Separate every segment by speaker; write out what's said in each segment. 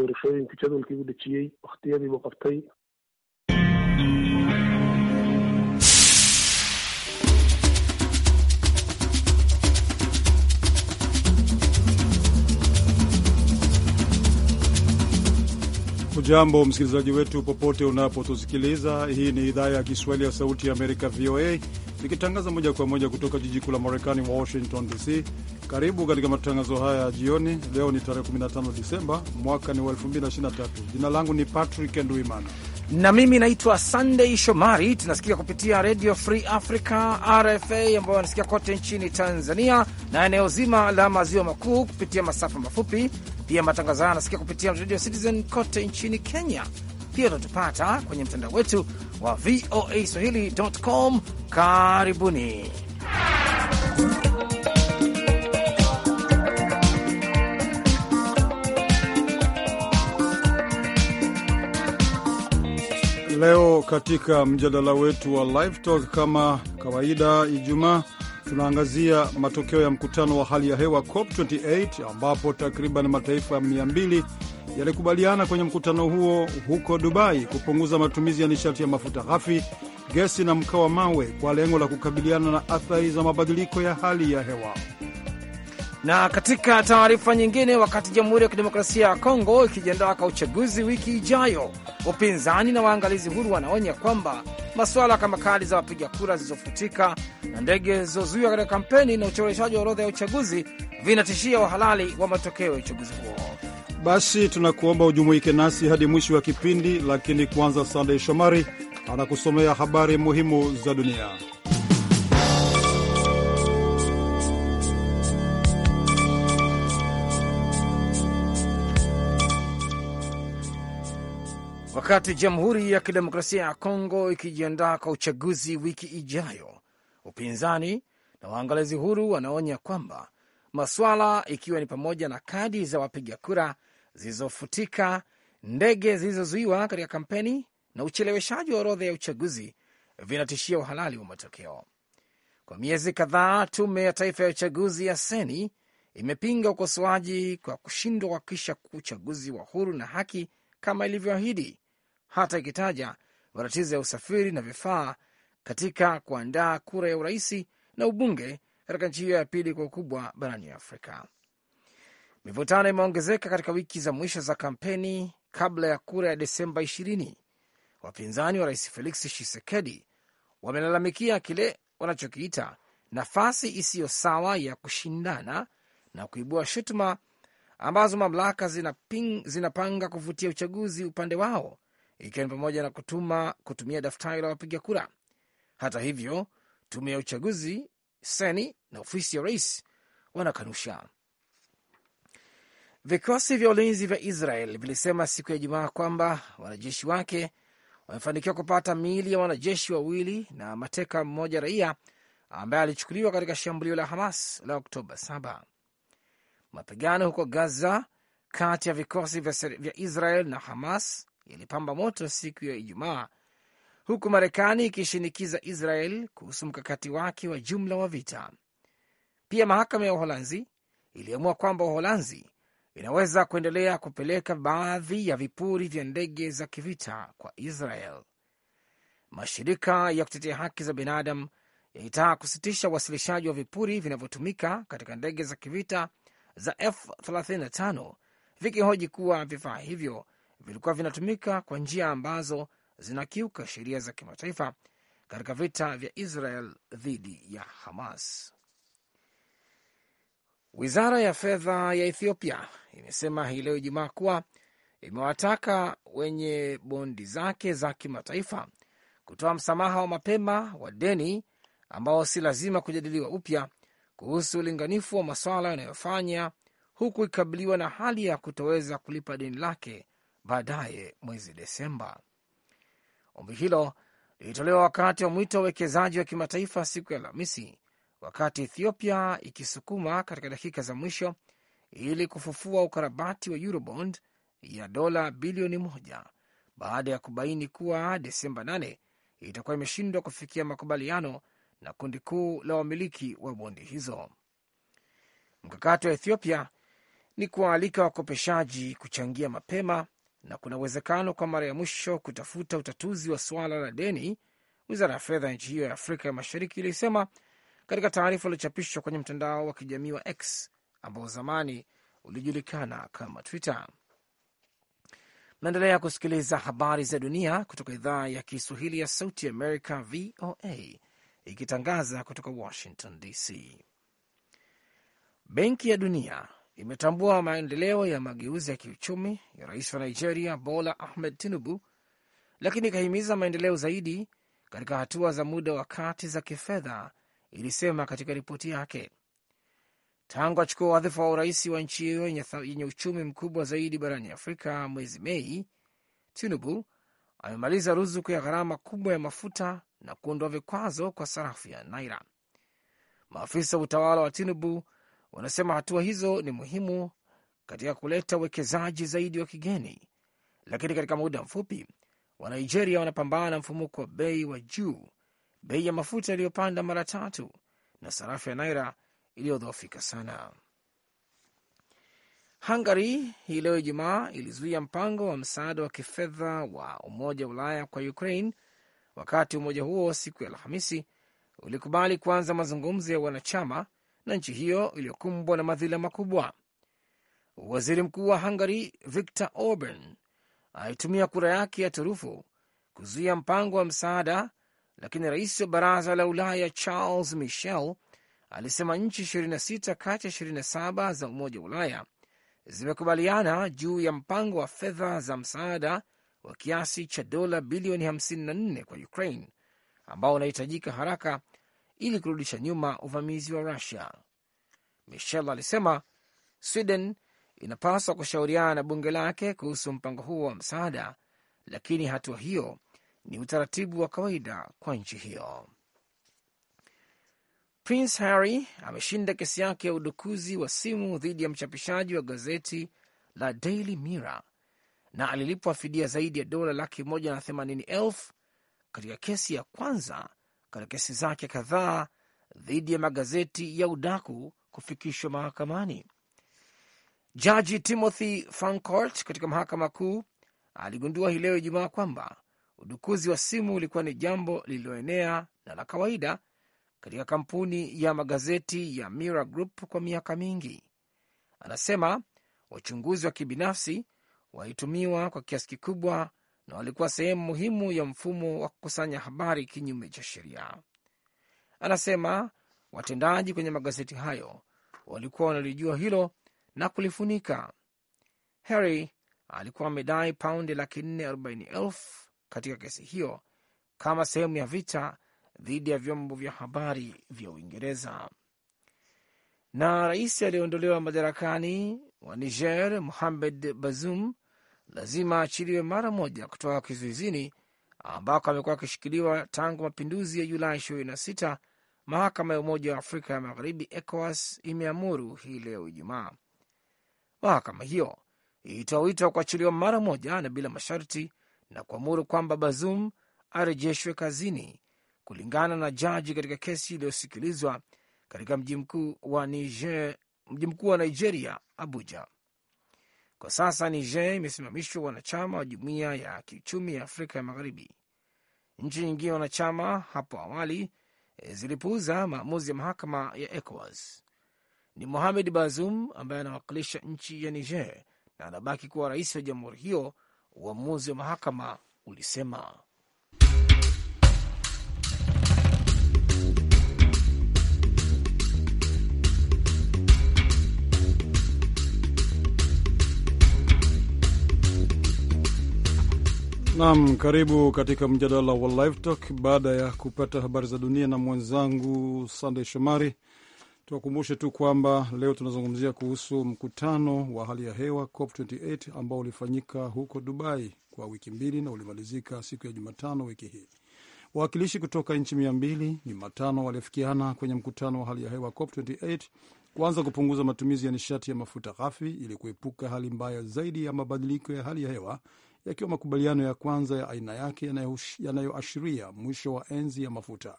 Speaker 1: doorashooyinka jadwalkii u dhejiyey wakhtiyadiibuu qabtay
Speaker 2: Hujambo msikilizaji wetu popote unapotusikiliza. Hii ni idhaa ya Kiswahili ya Sauti ya Amerika, VOA, ikitangaza moja kwa moja kutoka jiji kuu la Marekani, Washington DC. Karibu katika matangazo haya ya jioni. Leo ni tarehe 15 Disemba, mwaka ni wa
Speaker 3: 2023. Jina langu ni Patrick Nduimana na mimi naitwa Sunday Shomari. Tunasikia kupitia Radio Free Africa RFA, ambayo wanasikia kote nchini Tanzania na eneo zima la maziwa makuu kupitia masafa mafupi. Pia matangazo haya yanasikia kupitia Radio Citizen kote nchini Kenya. Pia tunatupata kwenye mtandao wetu wa VOA Swahili.com. Karibuni.
Speaker 2: Leo katika mjadala wetu wa Live Talk, kama kawaida Ijumaa, tunaangazia matokeo ya mkutano wa hali ya hewa COP28 ambapo takriban mataifa ya 200 yalikubaliana kwenye mkutano huo huko Dubai kupunguza matumizi ya nishati ya mafuta ghafi, gesi na mkaa wa mawe kwa lengo la kukabiliana na athari za mabadiliko ya hali ya hewa.
Speaker 3: Na katika taarifa nyingine, wakati Jamhuri ya Kidemokrasia ya Kongo ikijiandaa kwa uchaguzi wiki ijayo, upinzani na waangalizi huru wanaonya kwamba masuala kama kadi za wapiga kura zilizofutika na ndege zilizozuiwa katika kampeni na uchoreshaji wa orodha ya uchaguzi vinatishia uhalali wa matokeo ya uchaguzi huo.
Speaker 2: Basi tunakuomba ujumuike nasi hadi mwisho wa kipindi, lakini kwanza, Sandey Shomari anakusomea habari muhimu za dunia.
Speaker 3: Wakati Jamhuri ya Kidemokrasia ya Kongo ikijiandaa kwa uchaguzi wiki ijayo, upinzani na waangalizi huru wanaonya kwamba masuala ikiwa ni pamoja na kadi za wapiga kura zilizofutika, ndege zilizozuiwa katika kampeni na ucheleweshaji wa orodha ya uchaguzi vinatishia uhalali wa matokeo. Kwa miezi kadhaa, Tume ya Taifa ya Uchaguzi ya Seni imepinga ukosoaji kwa kushindwa kuhakikisha uchaguzi wa huru na haki kama ilivyoahidi, hata ikitaja matatizo ya usafiri na vifaa katika kuandaa kura ya uraisi na ubunge katika nchi hiyo ya pili kwa ukubwa barani Afrika. Mivutano imeongezeka katika wiki za mwisho za kampeni kabla ya kura ya Desemba 20. Wapinzani wa rais Felix Tshisekedi wamelalamikia kile wanachokiita nafasi isiyo sawa ya kushindana na kuibua shutuma ambazo mamlaka zinaping, zinapanga kuvutia uchaguzi upande wao ikiwa ni pamoja na kutuma kutumia daftari la wapiga kura. Hata hivyo, tume ya uchaguzi seni na ofisi ya rais wanakanusha. Vikosi vya ulinzi vya Israel vilisema siku ya Ijumaa kwamba wanajeshi wake wamefanikiwa kupata miili ya wanajeshi wawili na mateka mmoja raia ambaye alichukuliwa katika shambulio la Hamas la Oktoba 7. Mapigano huko Gaza kati ya vikosi vya Israel na Hamas yalipamba moto siku ya Ijumaa, huku Marekani ikishinikiza Israel kuhusu mkakati wake wa jumla wa vita. Pia mahakama ya Uholanzi iliamua kwamba Uholanzi inaweza kuendelea kupeleka baadhi ya vipuri vya ndege za kivita kwa Israel. Mashirika ya kutetea haki za binadamu yalitaka kusitisha uwasilishaji wa vipuri vinavyotumika katika ndege za kivita za F35 vikihoji kuwa vifaa hivyo vilikuwa vinatumika kwa njia ambazo zinakiuka sheria za kimataifa katika vita vya Israel dhidi ya Hamas. Wizara ya fedha ya Ethiopia imesema hii leo Ijumaa kuwa imewataka wenye bondi zake za kimataifa kutoa msamaha wa mapema wa deni ambao si lazima kujadiliwa upya kuhusu ulinganifu wa masuala yanayofanya huku ikabiliwa na hali ya kutoweza kulipa deni lake baadaye mwezi Desemba. Ombi hilo lilitolewa wakati wa mwito wa uwekezaji wa kimataifa siku ya Alhamisi, wakati Ethiopia ikisukuma katika dakika za mwisho ili kufufua ukarabati wa Eurobond ya dola bilioni moja baada ya kubaini kuwa Desemba 8 itakuwa imeshindwa kufikia makubaliano na kundi kuu la wamiliki wa bondi hizo. Mkakati wa Ethiopia ni kuwaalika wakopeshaji kuchangia mapema na kuna uwezekano kwa mara ya mwisho kutafuta utatuzi wa suala la deni, wizara ya fedha ya nchi hiyo ya Afrika ya Mashariki ilisema katika taarifa iliochapishwa kwenye mtandao wa kijamii wa X ambao zamani ulijulikana kama Twitter. Naendelea kusikiliza habari za dunia kutoka idhaa ya Kiswahili ya Sauti Amerika, VOA, ikitangaza kutoka Washington DC. Benki ya Dunia imetambua maendeleo ya mageuzi ya kiuchumi ya rais wa Nigeria Bola Ahmed Tinubu, lakini ikahimiza maendeleo zaidi katika hatua za muda wa kati za kifedha, ilisema katika ripoti yake. Tangu achukua wadhifa wa urais wa nchi hiyo yenye uchumi mkubwa zaidi barani Afrika mwezi Mei, Tinubu amemaliza ruzuku ya gharama kubwa ya mafuta na kuondoa vikwazo kwa sarafu ya naira. Maafisa wa utawala wa Tinubu wanasema hatua hizo ni muhimu katika kuleta uwekezaji zaidi wa kigeni, lakini katika muda mfupi Wanigeria wanapambana na mfumuko wa bei wa juu, bei ya mafuta iliyopanda mara tatu na sarafu ya naira iliyodhoofika sana. Hungary hii leo Ijumaa ilizuia mpango wa msaada wa kifedha wa Umoja wa Ulaya kwa Ukraine, wakati umoja huo siku ya Alhamisi ulikubali kuanza mazungumzo ya wanachama na nchi hiyo iliyokumbwa na madhila makubwa. Waziri mkuu wa Hungary Viktor Orban alitumia kura yake ya turufu kuzuia mpango wa msaada, lakini rais wa baraza la Ulaya Charles Michel alisema nchi 26 kati ya 27 za Umoja wa Ulaya zimekubaliana juu ya mpango wa fedha za msaada wa kiasi cha dola bilioni 54 kwa Ukraine ambao unahitajika haraka ili kurudisha nyuma uvamizi wa Rusia. Michel alisema Sweden inapaswa kushauriana na bunge lake kuhusu mpango huo wa msaada, lakini hatua hiyo ni utaratibu wa kawaida kwa nchi hiyo. Prince Harry ameshinda kesi yake ya udukuzi wa simu dhidi ya mchapishaji wa gazeti la Daily Mirror na alilipwa fidia zaidi ya dola laki moja na themanini elfu katika kesi ya kwanza katika kesi zake kadhaa dhidi ya magazeti ya udaku kufikishwa mahakamani. Jaji Timothy Fancourt katika mahakama kuu aligundua hii leo Ijumaa kwamba udukuzi wa simu ulikuwa ni jambo lililoenea na la kawaida katika kampuni ya magazeti ya Mira Group kwa miaka mingi. Anasema wachunguzi wa kibinafsi walitumiwa kwa kiasi kikubwa na walikuwa sehemu muhimu ya mfumo wa kukusanya habari kinyume cha sheria. Anasema watendaji kwenye magazeti hayo walikuwa wanalijua hilo na kulifunika. Harry alikuwa amedai paundi laki nne arobaini elfu katika kesi hiyo kama sehemu ya vita dhidi ya vyombo vya habari vya Uingereza. Na rais aliyeondolewa madarakani wa Niger Mohamed Bazoum lazima aachiliwe mara moja kutoka kizuizini ambako amekuwa akishikiliwa tangu mapinduzi ya Julai 26. Mahakama ya Umoja wa Afrika ya Magharibi ECOWAS imeamuru hii leo Ijumaa. Mahakama hiyo ilitoa wito wa kuachiliwa mara moja na bila masharti na kuamuru kwamba Bazoum arejeshwe kazini, kulingana na jaji katika kesi iliyosikilizwa katika mji mkuu wa Niger, mji mkuu wa Nigeria, Abuja. Kwa sasa Niger imesimamishwa wanachama wa jumuiya ya kiuchumi ya Afrika ya Magharibi. Nchi nyingine wanachama hapo awali e, zilipuuza maamuzi ya mahakama ya ECOWAS. Ni Mohamed Bazoum ambaye anawakilisha nchi ya Niger na anabaki kuwa rais wa jamhuri hiyo, uamuzi wa mahakama ulisema.
Speaker 2: Naam, karibu katika mjadala wa Live Talk baada ya kupata habari za dunia na mwenzangu Sandey Shomari. Tuwakumbushe tu kwamba leo tunazungumzia kuhusu mkutano wa hali ya hewa COP28 ambao ulifanyika huko Dubai kwa wiki mbili na ulimalizika siku ya Jumatano wiki hii. Wawakilishi kutoka nchi mia mbili ni matano waliafikiana kwenye mkutano wa hali ya hewa COP28 kuanza kupunguza matumizi ya nishati ya mafuta ghafi ili kuepuka hali mbaya zaidi ya mabadiliko ya hali ya hewa yakiwa makubaliano ya kwanza ya aina yake yanayoashiria ya mwisho wa enzi ya mafuta.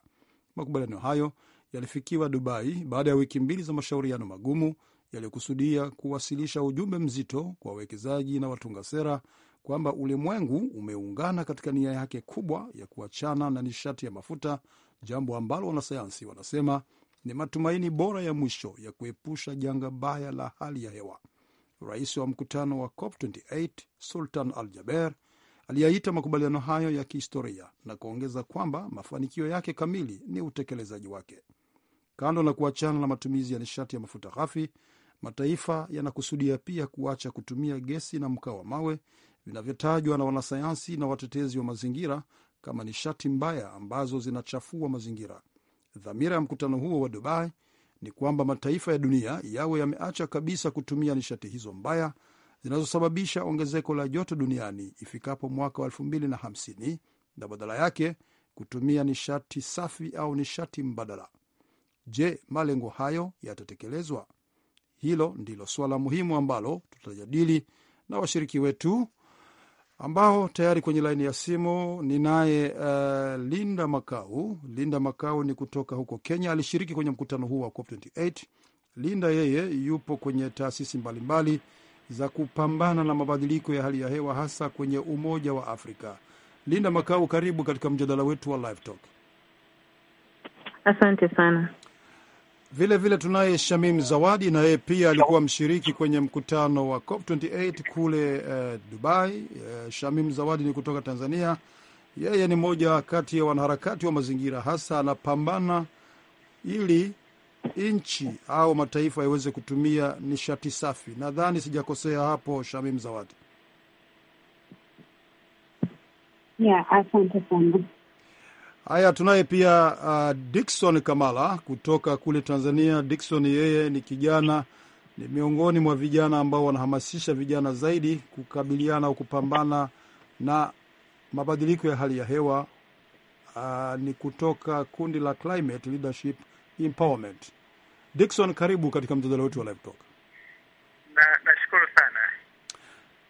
Speaker 2: Makubaliano hayo yalifikiwa Dubai baada ya wiki mbili za mashauriano magumu yaliyokusudia kuwasilisha ujumbe mzito kwa wawekezaji na watunga sera kwamba ulimwengu umeungana katika nia yake kubwa ya kuachana na nishati ya mafuta, jambo ambalo wanasayansi wanasema ni matumaini bora ya mwisho ya kuepusha janga baya la hali ya hewa. Rais wa mkutano wa COP28 Sultan Al Jaber aliyaita makubaliano hayo ya kihistoria na kuongeza kwamba mafanikio yake kamili ni utekelezaji wake. Kando na kuachana na matumizi ya nishati ya mafuta ghafi, mataifa yanakusudia pia kuacha kutumia gesi na mkaa wa mawe vinavyotajwa na wanasayansi na watetezi wa mazingira kama nishati mbaya ambazo zinachafua mazingira. Dhamira ya mkutano huo wa Dubai ni kwamba mataifa ya dunia yawe yameacha kabisa kutumia nishati hizo mbaya zinazosababisha ongezeko la joto duniani ifikapo mwaka wa 2050 na badala yake kutumia nishati safi au nishati mbadala. Je, malengo hayo yatatekelezwa? Hilo ndilo suala muhimu ambalo tutajadili na washiriki wetu ambao tayari kwenye laini ya simu ninaye uh, Linda Makau. Linda Makau ni kutoka huko Kenya, alishiriki kwenye mkutano huu wa COP28. Linda yeye yupo kwenye taasisi mbalimbali za kupambana na mabadiliko ya hali ya hewa hasa kwenye Umoja wa Afrika. Linda Makau, karibu katika mjadala wetu wa Live Talk.
Speaker 4: Asante sana.
Speaker 2: Vile vile tunaye Shamim Zawadi, na yeye pia alikuwa mshiriki kwenye mkutano wa COP28 kule uh, Dubai. Uh, Shamim Zawadi ni kutoka Tanzania. Yeye ni mmoja kati ya wanaharakati wa mazingira, hasa anapambana ili nchi au mataifa yaweze kutumia nishati safi. Nadhani sijakosea hapo, Shamim Zawadi.
Speaker 5: Yeah, asante sana.
Speaker 2: Haya, tunaye pia uh, Dikson Kamala kutoka kule Tanzania. dikson yeye ni kijana, ni miongoni mwa vijana ambao wanahamasisha vijana zaidi kukabiliana au kupambana na mabadiliko ya hali ya hewa. Uh, ni kutoka kundi la Climate Leadership Empowerment. Dikson, karibu katika mjadala wetu wa Live Talk.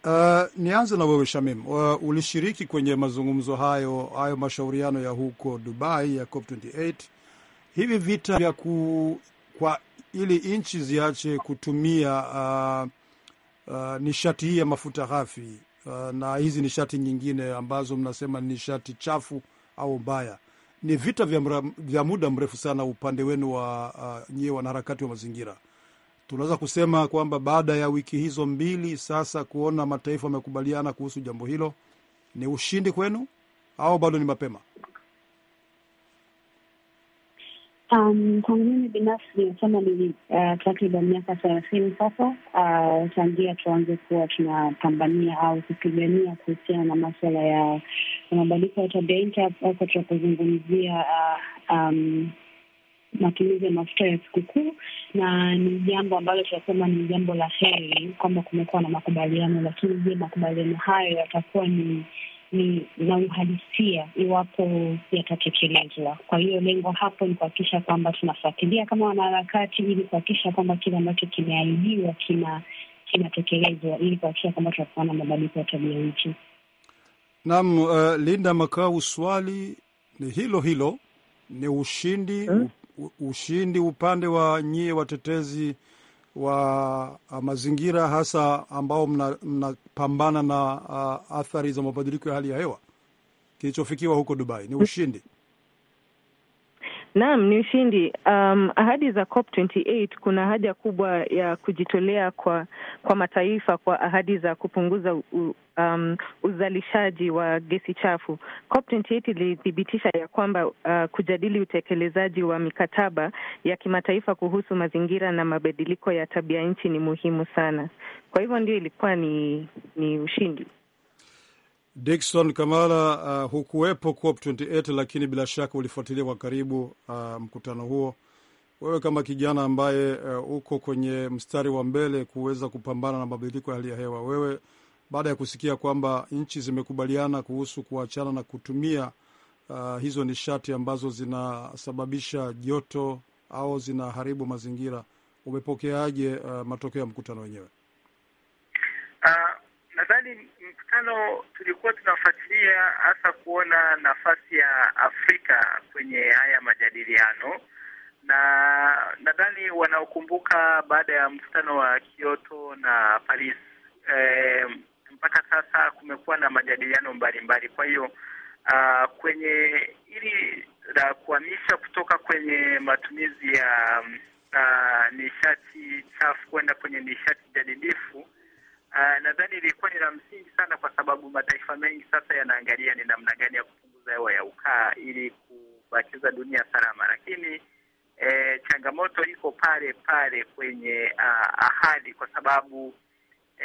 Speaker 2: Uh, nianze na wewe Shamim. Uh, ulishiriki kwenye mazungumzo hayo hayo mashauriano ya huko Dubai ya COP28. Hivi vita vya ku, kwa ili nchi ziache kutumia uh, uh, nishati hii ya mafuta ghafi uh, na hizi nishati nyingine ambazo mnasema ni nishati chafu au mbaya ni vita vya, mra, vya muda mrefu sana upande wenu wa uh, nyie wanaharakati wa mazingira tunaweza kusema kwamba baada ya wiki hizo mbili sasa kuona mataifa amekubaliana kuhusu jambo hilo, ni ushindi kwenu au bado ni mapema?
Speaker 6: Um, kwangu mimi binafsi nimesema ni uh, takriban miaka thelathini sasa uh, tangia tuanze kuwa tunapambania au kupigania kuhusiana na maswala ya mabadiliko ya tabia nchi, hapo tunapozungumzia uh, um, matumizi ya mafuta ya sikukuu, na ni jambo ambalo tunasema ni jambo la heri kwamba kumekuwa na makubaliano. Lakini je, makubaliano hayo yatakuwa ni ni na uhalisia iwapo yatatekelezwa? Kwa hiyo lengo hapo ni kuhakikisha kwamba tunafuatilia kama wanaharakati, ili kuhakikisha kwamba kile ambacho kimeahidiwa kina kinatekelezwa, ili kuhakikisha kwamba tunakuwa na mabadiliko ya tabia
Speaker 2: nchi. Naam. Uh, Linda Makau, swali ni hilo hilo, ni ushindi hmm, ushindi upande wa nyie watetezi wa mazingira hasa ambao mnapambana mna na uh, athari za mabadiliko ya hali ya hewa kilichofikiwa huko Dubai ni ushindi?
Speaker 4: Naam, ni ushindi. Um, ahadi za COP 28, kuna haja kubwa ya kujitolea kwa kwa mataifa kwa ahadi za kupunguza u, um, uzalishaji wa gesi chafu. COP 28 ilithibitisha ya kwamba uh, kujadili utekelezaji wa mikataba ya kimataifa kuhusu mazingira na mabadiliko ya tabia nchi ni muhimu sana. Kwa hivyo ndio ilikuwa ni, ni ushindi.
Speaker 2: Dickson Kamala, uh, hukuwepo COP 28 lakini bila shaka ulifuatilia kwa karibu uh, mkutano huo. Wewe kama kijana ambaye uh, uko kwenye mstari wa mbele kuweza kupambana na mabadiliko ya hali ya hewa, wewe baada ya kusikia kwamba nchi zimekubaliana kuhusu kuachana na kutumia uh, hizo nishati ambazo zinasababisha joto au zinaharibu mazingira, umepokeaje uh, matokeo ya mkutano wenyewe?
Speaker 7: Uh, nadhani tano tulikuwa tunafuatilia hasa kuona nafasi ya Afrika kwenye haya majadiliano, na nadhani wanaokumbuka baada ya mkutano wa Kyoto na Paris e, mpaka sasa kumekuwa na majadiliano mbalimbali. Kwa hiyo uh, kwenye hili la kuhamisha kutoka kwenye matumizi ya uh, nishati chafu kwenda kwenye nishati jadidifu Ah, nadhani ilikuwa ni la msingi sana, kwa sababu mataifa mengi sasa yanaangalia ni namna gani ya kupunguza hewa ya ukaa ili kubakiza dunia salama, lakini e, changamoto iko pale pale kwenye uh, ahadi, kwa sababu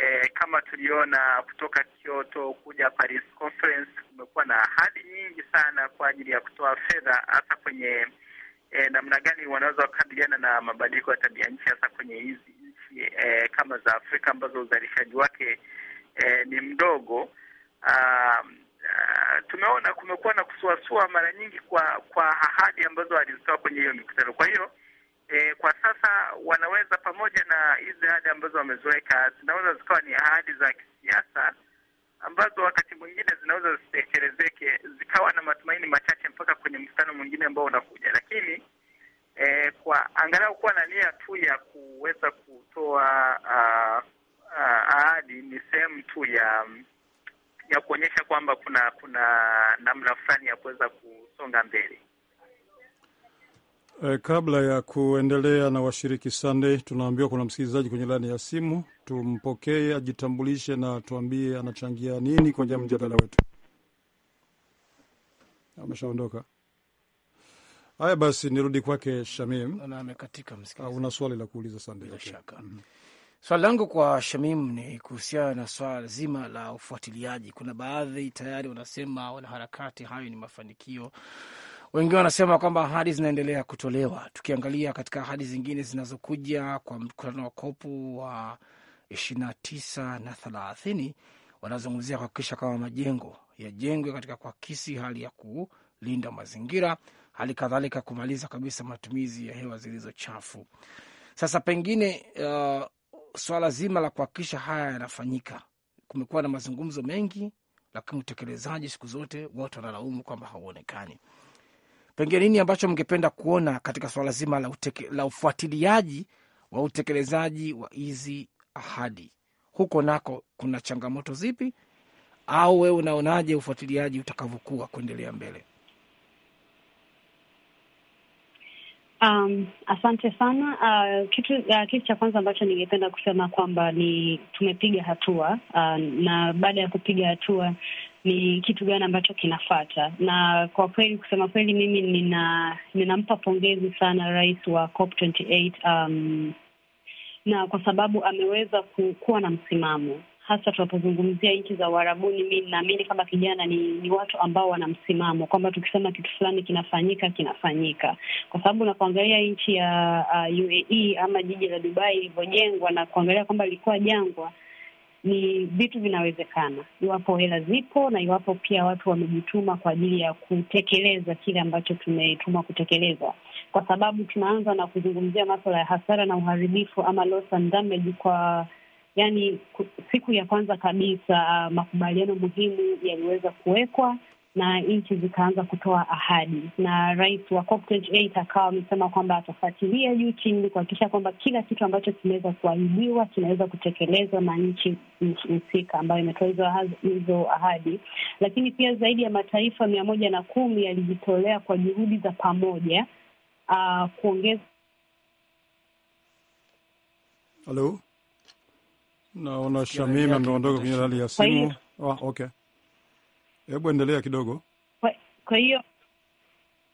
Speaker 7: E, kama tuliona kutoka Kyoto kuja Paris Conference, kumekuwa na ahadi nyingi sana kwa ajili ya kutoa fedha hasa kwenye e, namna gani wanaweza wakabiliana na mabadiliko ya tabia nchi hasa kwenye hizi eh, kama za Afrika ambazo uzalishaji wake eh, ni mdogo. Uh, uh, tumeona kumekuwa na kusuasua mara nyingi kwa kwa ahadi ambazo alizitoa kwenye hiyo mikutano. Kwa hiyo eh, kwa sasa wanaweza pamoja na hizi ahadi ambazo wameziweka, zinaweza zikawa ni ahadi za kisiasa ambazo wakati mwingine zinaweza zitekelezeke, zikawa na matumaini machache mpaka kwenye mkutano mwingine ambao unakuja, lakini e, kwa angalau kuwa na nia tu ya kuweza kutoa ah, ah, ahadi ni sehemu tu ya ya kuonyesha kwamba kuna kuna namna fulani ya kuweza kusonga mbele.
Speaker 2: E, kabla ya kuendelea na washiriki Sunday, tunaambiwa kuna msikilizaji kwenye laini ya simu. Tumpokee, ajitambulishe na tuambie anachangia nini kwenye mjadala wetu. Ameshaondoka.
Speaker 3: Haya basi, nirudi kwake Shamim. Una swali la kuuliza Sande? Bila shaka mm-hmm. Swali langu kwa Shamim ni kuhusiana na swala zima la ufuatiliaji. Kuna baadhi tayari wanasema wanaharakati, hayo ni mafanikio wengine wanasema kwamba ahadi zinaendelea kutolewa. Tukiangalia katika ahadi zingine zinazokuja kwa mkutano wa kopu wa ishirini na tisa na thelathini wanazungumzia kuhakikisha kama majengo yajengwe katika kuakisi hali ya kulinda mazingira hali kadhalika kumaliza kabisa matumizi ya hewa zilizo chafu. Sasa pengine uh, swala zima la kuhakikisha haya yanafanyika, kumekuwa na mazungumzo mengi, lakini utekelezaji siku zote watu wanalaumu kwamba hauonekani. Pengine nini ambacho mngependa kuona katika swala zima la, uteke, la ufuatiliaji wa utekelezaji wa hizi ahadi? Huko nako kuna changamoto zipi, au wewe unaonaje ufuatiliaji utakavyokuwa kuendelea mbele?
Speaker 6: Um, asante sana. Uh, kitu uh, kitu cha kwanza ambacho ningependa kusema kwamba ni tumepiga hatua uh, na baada ya kupiga hatua ni kitu gani ambacho kinafata. Na kwa kweli, kusema kweli, mimi nina ninampa pongezi sana rais wa COP28 um, na kwa sababu ameweza kuwa na msimamo hasa tunapozungumzia nchi za uharabuni Mi ninaamini kama kijana ni, ni watu ambao wana msimamo kwamba tukisema kitu fulani kinafanyika kinafanyika, kwa sababu unapoangalia nchi ya uh, UAE ama jiji la Dubai ilivyojengwa na kuangalia kwamba ilikuwa jangwa ni vitu vinawezekana iwapo hela zipo na iwapo pia watu wamejituma kwa ajili ya kutekeleza kile ambacho tumetumwa kutekeleza, kwa sababu tunaanza na kuzungumzia maswala ya hasara na uharibifu ama loss and damage kwa yani siku ya kwanza kabisa makubaliano muhimu yaliweza kuwekwa na nchi zikaanza kutoa ahadi, na rais wa COP28 akawa amesema kwamba atafuatilia juu chini kuhakikisha kwamba kila kitu ambacho kimeweza kuahidiwa kinaweza kutekelezwa na nchi husika ambayo imetoa hizo ahadi. Lakini pia zaidi ya mataifa mia moja na kumi yalijitolea kwa juhudi za pamoja uh, kuongeza.
Speaker 2: Naona Shamima ameondoka kwenye hali ya simu. Oh, okay, hebu endelea kidogo. Kwa hiyo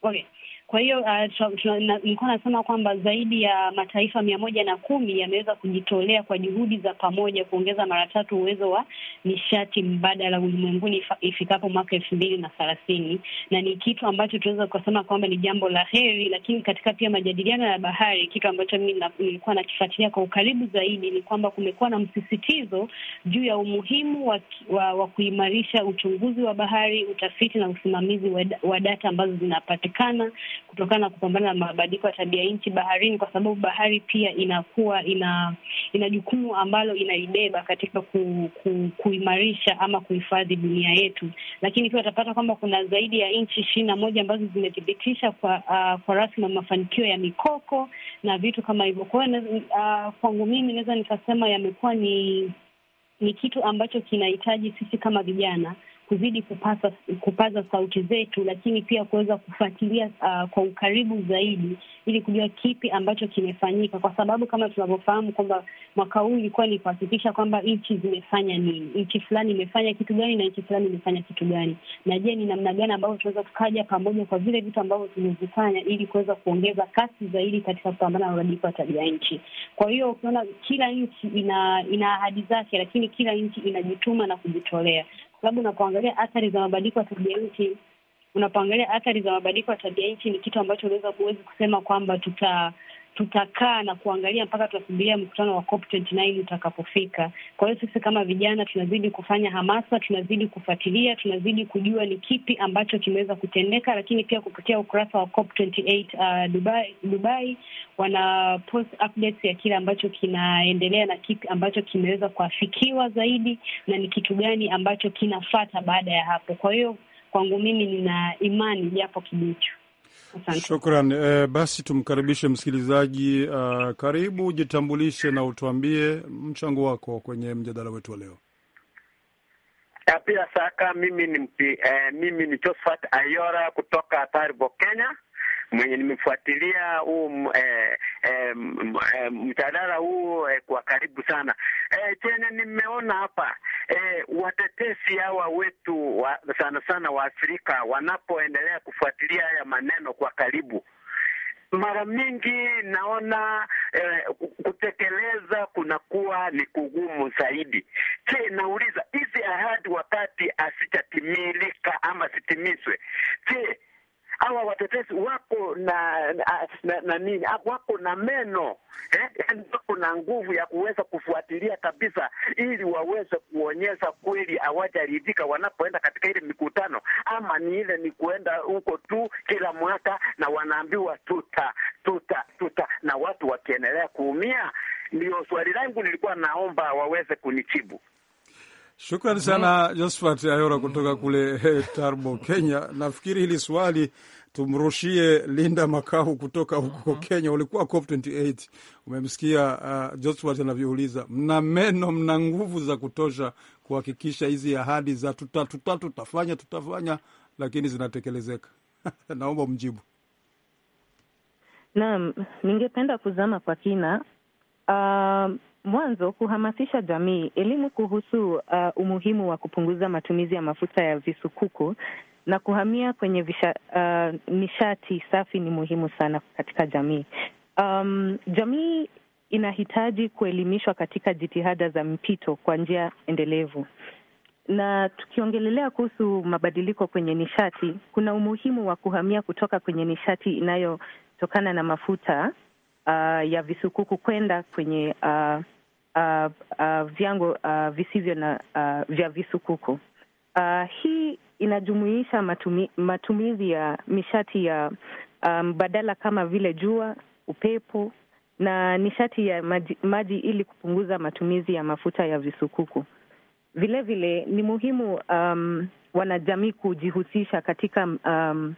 Speaker 2: okay.
Speaker 6: Kwa hiyo uh, nilikuwa uh, nasema kwamba zaidi ya mataifa mia moja na kumi yameweza kujitolea kwa juhudi za pamoja kuongeza mara tatu uwezo wa nishati mbadala ulimwenguni ifikapo mwaka elfu mbili na thelathini, na ni kitu ambacho tunaweza kusema kwamba ni jambo la heri. Lakini katika pia majadiliano ya bahari, kitu ambacho mimi nilikuwa nakifuatilia kwa ukaribu zaidi ni kwamba kumekuwa na msisitizo juu ya umuhimu wa, wa, wa kuimarisha uchunguzi wa bahari, utafiti na usimamizi wa, wa data ambazo zinapatikana kutokana na kupambana na mabadiliko ya tabia nchi baharini, kwa sababu bahari pia inakuwa ina ina jukumu ambalo inaibeba katika ku, ku, kuimarisha ama kuhifadhi dunia yetu. Lakini pia utapata kwamba kuna zaidi ya nchi ishirini na moja ambazo zimethibitisha kwa, uh, kwa rasmi mafanikio ya mikoko na vitu kama hivyo. Kwa hiyo uh, kwangu mimi naweza nikasema yamekuwa ni ni kitu ambacho kinahitaji sisi kama vijana kuzidi kupasa, kupaza sauti zetu, lakini pia kuweza kufuatilia uh, kwa ukaribu zaidi ili kujua kipi ambacho kimefanyika, kwa sababu kama tunavyofahamu kwamba mwaka huu ilikuwa ni kuhakikisha kwamba nchi zimefanya nini, nchi fulani imefanya kitu gani na nchi fulani imefanya kitu gani, na je, ni namna gani ambavyo tunaweza tukaja pamoja kwa vile vitu ambavyo tumevifanya ili kuweza kuongeza kasi zaidi katika kupambana na mabadiliko ya tabia nchi. Kwa hiyo ukiona kila nchi ina ina ahadi zake, lakini kila nchi inajituma na kujitolea sababu unapoangalia athari za mabadiliko ya tabia nchi, unapoangalia athari za mabadiliko ya tabia nchi ni kitu ambacho unaweza huwezi kusema kwamba tuta tutakaa na kuangalia mpaka tunasubiria mkutano wa COP29 utakapofika. Kwa hiyo sisi kama vijana tunazidi kufanya hamasa, tunazidi kufuatilia, tunazidi kujua ni kipi ambacho kimeweza kutendeka, lakini pia kupitia ukurasa wa COP28 uh, Dubai, Dubai wana post updates ya kile ambacho kinaendelea na kipi ambacho kimeweza kuafikiwa zaidi na ni kitu gani ambacho kinafata baada ya hapo. Kwa hiyo kwangu mimi nina imani japo kijicho
Speaker 2: Asante. Shukran. E, basi tumkaribishe msikilizaji. Uh, karibu, jitambulishe na utuambie mchango wako kwenye mjadala wetu wa leo.
Speaker 1: Pia saka mimi ni mpi, eh, mimi ni Josephat Ayora kutoka Taribo, Kenya mwenye nimefuatilia huu eh, eh, mjadala eh, huu eh, kwa karibu sana eh, chenye nimeona hapa eh, watetesi hawa wetu wa, sana sana wa Afrika wanapoendelea kufuatilia haya maneno kwa karibu mara mingi naona eh, kutekeleza kunakuwa ni kugumu zaidi. Je, nauliza hizi ahadi wakati hazijatimilika ama sitimizwe, je hawa watetezi wako na na, na, na nini, wako na meno eh, yani wako na nguvu ya kuweza kufuatilia kabisa, ili waweze kuonyesha kweli hawajaridhika wanapoenda katika ile mikutano, ama ni ile ni kuenda huko tu kila mwaka na wanaambiwa tuta tuta tuta, na watu wakiendelea kuumia. Ndio swali langu nilikuwa naomba waweze kunichibu.
Speaker 2: Shukrani sana Josphat Ayora kutoka kule eh, Tarbo, Kenya. Nafikiri hili swali tumrushie Linda Makau kutoka huko Kenya. Ulikuwa COP28, umemsikia uh, Josphat anavyouliza, mna meno, mna nguvu za kutosha kuhakikisha hizi ahadi za tuta, tuta, tutafanya tutafanya, lakini zinatekelezeka? Naomba mjibu.
Speaker 4: Naam, ningependa kuzama kwa kina uh... Mwanzo, kuhamasisha jamii, elimu kuhusu uh, umuhimu wa kupunguza matumizi ya mafuta ya visukuku na kuhamia kwenye visha, uh, nishati safi ni muhimu sana katika jamii. Um, jamii inahitaji kuelimishwa katika jitihada za mpito kwa njia endelevu. Na tukiongelelea kuhusu mabadiliko kwenye nishati, kuna umuhimu wa kuhamia kutoka kwenye nishati inayotokana na mafuta uh, ya visukuku kwenda kwenye uh, uh, uh, vyango uh, visivyo na uh, vya visukuku. Uh, hii inajumuisha matumi, matumizi ya nishati ya mbadala um, kama vile jua, upepo na nishati ya maji, maji ili kupunguza matumizi ya mafuta ya visukuku. Vilevile vile, ni muhimu um, wanajamii kujihusisha katika um,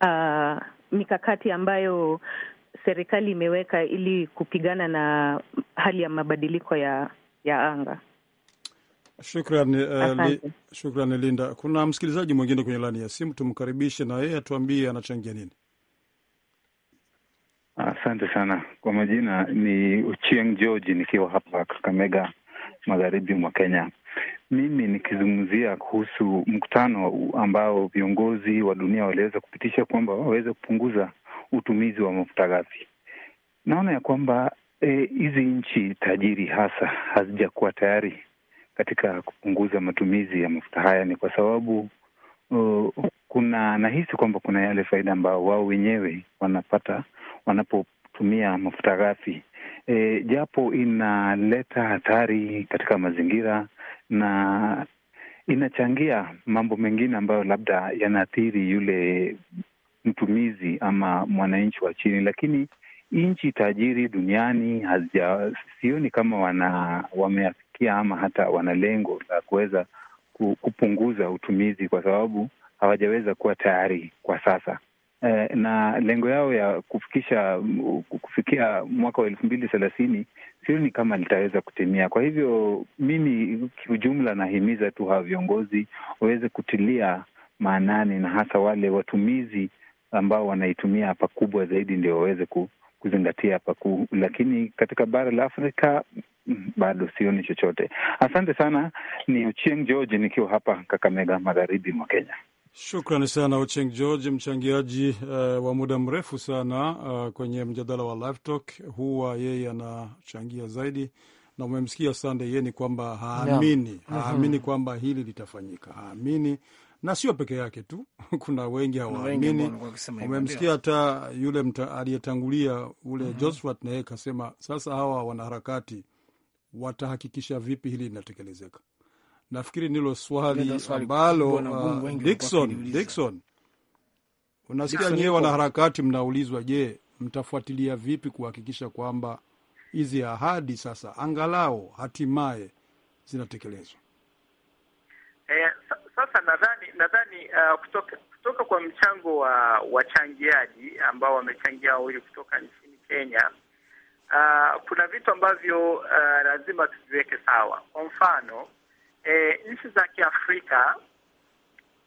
Speaker 4: uh, mikakati ambayo serikali imeweka ili kupigana na hali ya mabadiliko ya, ya anga.
Speaker 2: Shukran, uh, li, shukran Linda. Kuna msikilizaji mwingine kwenye laini ya simu, tumkaribishe na yeye atuambie anachangia nini.
Speaker 5: Asante sana kwa majina, ni Uchieng George nikiwa hapa Kakamega, magharibi mwa Kenya. Mimi nikizungumzia kuhusu mkutano ambao viongozi wa dunia waliweza kupitisha kwamba waweze kupunguza utumizi wa mafuta ghafi. Naona ya kwamba e, hizi e, nchi tajiri hasa hazijakuwa tayari katika kupunguza matumizi ya mafuta haya, ni kwa sababu uh, kuna nahisi kwamba kuna yale faida ambayo wao wenyewe wanapata wanapotumia mafuta ghafi e, japo inaleta hatari katika mazingira na inachangia mambo mengine ambayo labda yanaathiri yule mtumizi ama mwananchi wa chini, lakini nchi tajiri duniani hazija, sioni kama wana wameafikia ama hata wana lengo la kuweza kupunguza utumizi kwa sababu hawajaweza kuwa tayari kwa sasa eh, na lengo yao ya kufikisha kufikia mwaka wa elfu mbili thelathini sioni kama litaweza kutimia. Kwa hivyo mimi kiujumla, nahimiza tu hawa viongozi waweze kutilia maanani na hasa wale watumizi ambao wanaitumia pakubwa zaidi ndio waweze kuzingatia hapa kuu, lakini katika bara la Afrika mm, bado sioni chochote. Asante sana, ni Ochieng George nikiwa hapa Kakamega, magharibi mwa Kenya.
Speaker 2: Shukrani sana Ochieng George, mchangiaji uh, wa muda mrefu sana uh, kwenye mjadala wa Live Talk. Huwa yeye anachangia zaidi, na umemsikia Sande, yeye ni kwamba haamini, haamini mhm. kwamba hili litafanyika, haamini na sio peke yake tu, kuna wengi hawaamini. Umemsikia hata yule aliyetangulia ule mm -hmm. Josphat naye kasema, sasa hawa wanaharakati watahakikisha vipi hili linatekelezeka? Nafikiri nilo swali ambalo uh, Dikson, Dikson, unasikia nyewe wanaharakati mnaulizwa, je, mtafuatilia vipi kuhakikisha kwamba hizi ahadi sasa angalau hatimaye zinatekelezwa?
Speaker 7: Eh, sasa nadhani nadhani uh, kutoka kutoka kwa mchango wa wachangiaji ambao wamechangia wawili kutoka nchini Kenya, uh, kuna vitu ambavyo uh, lazima tuviweke sawa. Kwa mfano eh, nchi za Kiafrika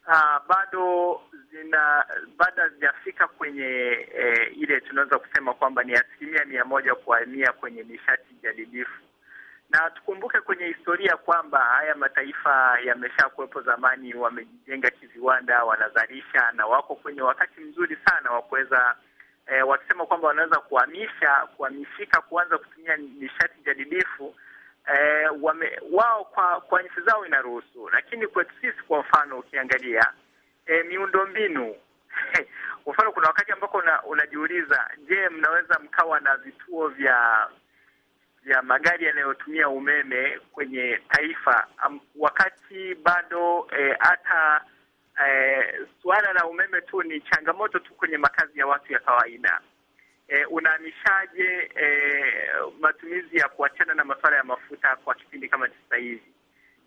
Speaker 7: uh, bado zina bado hazijafika kwenye eh, ile tunaweza kusema kwamba ni asilimia mia moja kwa mia kwenye nishati jadidifu na tukumbuke kwenye historia kwamba haya mataifa yamesha kuwepo zamani, wamejijenga kiviwanda, wanazalisha na wako kwenye wakati mzuri sana wa kuweza e, wakisema kwamba wanaweza kuhamisha kuhamishika, kuanza kutumia nishati jadidifu e, wame, wao kwa kwa nchi zao inaruhusu, lakini kwetu sisi kwa mfano ukiangalia eh, miundo mbinu kwa mfano kuna wakati ambako unajiuliza, je, mnaweza mkawa na vituo vya ya magari yanayotumia umeme kwenye taifa um, wakati bado eh, hata e, e, suala la umeme tu ni changamoto tu kwenye makazi ya watu ya kawaida. E, eh, unahamishaje e, matumizi ya kuachana na masuala ya mafuta kwa kipindi kama sasa hivi?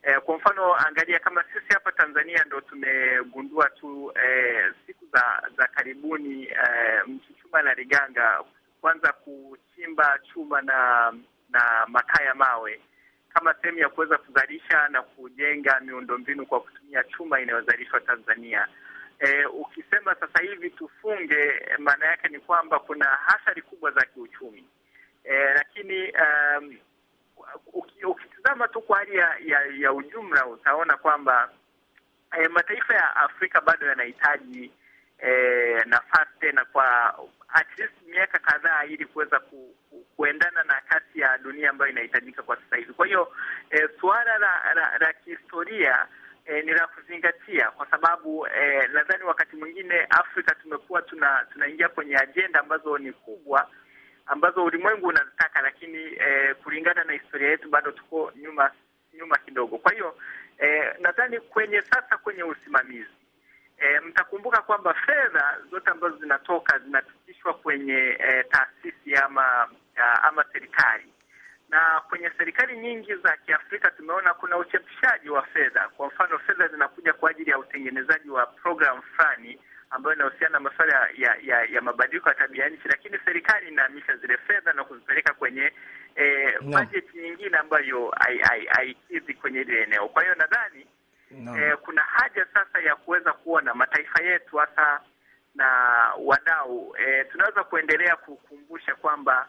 Speaker 7: E, kwa mfano angalia kama sisi hapa Tanzania ndo tumegundua tu e, siku za za karibuni e, Mchuchuma na Liganga kuanza kuchimba chuma na na makaa ya mawe kama sehemu ya kuweza kuzalisha na kujenga miundombinu kwa kutumia chuma inayozalishwa Tanzania. E, ukisema sasa hivi tufunge, maana yake ni kwamba kuna athari kubwa za kiuchumi e, lakini um, ukitizama tu kwa hali ya, ya, ya ujumla utaona kwamba e, mataifa ya Afrika bado yanahitaji eh, nafasi tena kwa at least miaka kadhaa ili kuweza ku, ku, kuendana na kasi ya dunia ambayo inahitajika kwa sasa hivi. Kwa hiyo eh, suala la, la, la kihistoria eh, ni la kuzingatia kwa sababu eh, nadhani wakati mwingine Afrika tumekuwa tuna tunaingia kwenye ajenda ambazo ni kubwa ambazo ulimwengu unazitaka, lakini eh, kulingana na historia yetu bado tuko nyuma nyuma kidogo. Kwa hiyo eh, nadhani kwenye sasa kwenye usimamizi E, mtakumbuka kwamba fedha zote ambazo zinatoka zinapitishwa kwenye e, taasisi ama ya, ama serikali, na kwenye serikali nyingi za Kiafrika tumeona kuna uchapishaji wa fedha. Kwa mfano, fedha zinakuja kwa ajili ya utengenezaji wa program fulani ambayo inahusiana na masuala ya, ya, ya mabadiliko ya tabia nchi, lakini serikali inahamisha zile fedha na kuzipeleka kwenye eh, bajeti nyingine ambayo haikidhi kwenye ile eneo. Kwa hiyo nadhani no. Eh, kuna haja sasa ya kuweza kuona mataifa yetu hasa na wadau eh, tunaweza kuendelea kukumbusha kwamba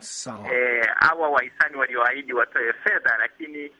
Speaker 7: eh, hawa e, wahisani walioahidi watoe fedha, lakini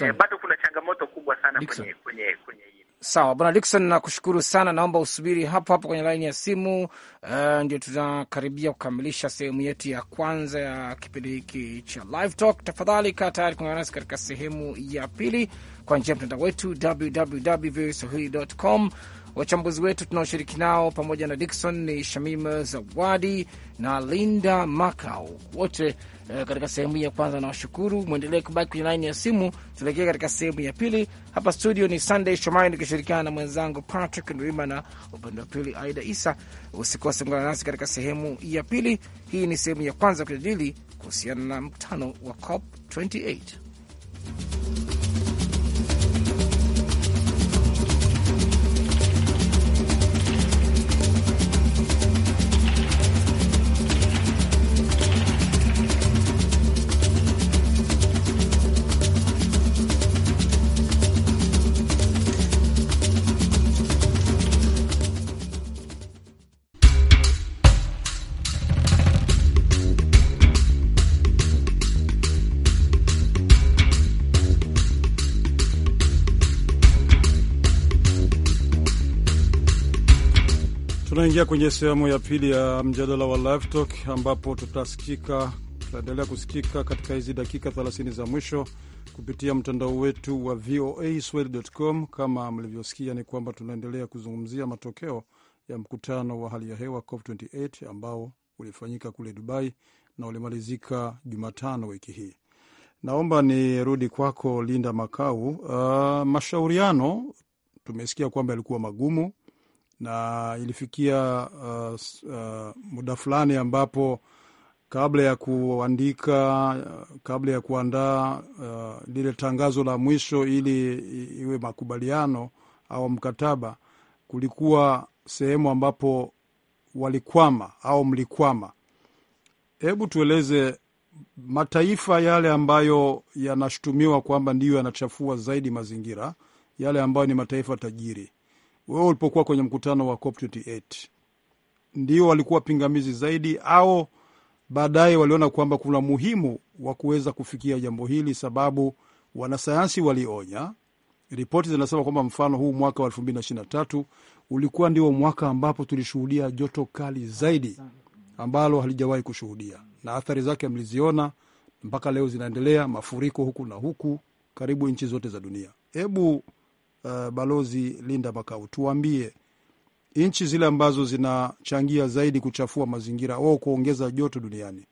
Speaker 7: eh, bado kuna changamoto kubwa sana Dixon. kwenye kwenye kwenye
Speaker 3: Sawa bwana Dikson, nakushukuru sana. Naomba usubiri hapo hapo kwenye laini ya simu. Uh, ndio tunakaribia kukamilisha sehemu yetu ya kwanza ya kipindi hiki cha Live Talk. Tafadhali kaa tayari kuungana nasi katika sehemu ya pili kwa njia ya mtandao wetu www.voaswahili.com Wachambuzi wetu tunaoshiriki nao pamoja na Dikson ni shamim Zawadi na Linda Makau, wote e, katika sehemu hii ya kwanza. Nawashukuru, mwendelee kubaki kwenye laini ya simu. Tuelekee katika sehemu ya pili. Hapa studio ni Sunday Shomari nikishirikiana na mwenzangu Patrick Ndwima na upande wa pili Aida Isa. Usikose, ungana nasi katika sehemu ya pili. Hii ni sehemu ya kwanza kujadili kuhusiana na mkutano wa COP 28.
Speaker 2: Tunaingia kwenye sehemu ya pili ya mjadala wa Live Talk ambapo tutasikika, tutaendelea kusikika katika hizi dakika 30 za mwisho kupitia mtandao wetu wa VOA Kama mlivyosikia, ni kwamba tunaendelea kuzungumzia matokeo ya mkutano wa hali ya hewa COP28 ambao ulifanyika kule Dubai na ulimalizika Jumatano wiki hii. Naomba nirudi kwako Linda Makau. Uh, mashauriano tumesikia kwamba yalikuwa magumu na ilifikia uh, uh, muda fulani ambapo kabla ya kuandika uh, kabla ya kuandaa uh, lile tangazo la mwisho ili iwe makubaliano au mkataba, kulikuwa sehemu ambapo walikwama au mlikwama. Hebu tueleze mataifa yale ambayo yanashutumiwa kwamba ndiyo yanachafua zaidi mazingira, yale ambayo ni mataifa tajiri wewe ulipokuwa kwenye mkutano wa COP28 ndio walikuwa pingamizi zaidi, au baadaye waliona kwamba kuna muhimu wa kuweza kufikia jambo hili? Sababu wanasayansi walionya, ripoti zinasema kwamba mfano huu mwaka wa tatu ulikuwa ndio mwaka ambapo tulishuhudia joto kali zaidi ambalo halijawahi kushuhudia, na athari zake mliziona mpaka leo zinaendelea, mafuriko huku na huku, karibu nchi zote za dunia. Hebu uh, Balozi Linda Makau, tuambie nchi zile ambazo zinachangia zaidi kuchafua mazingira au kuongeza joto duniani,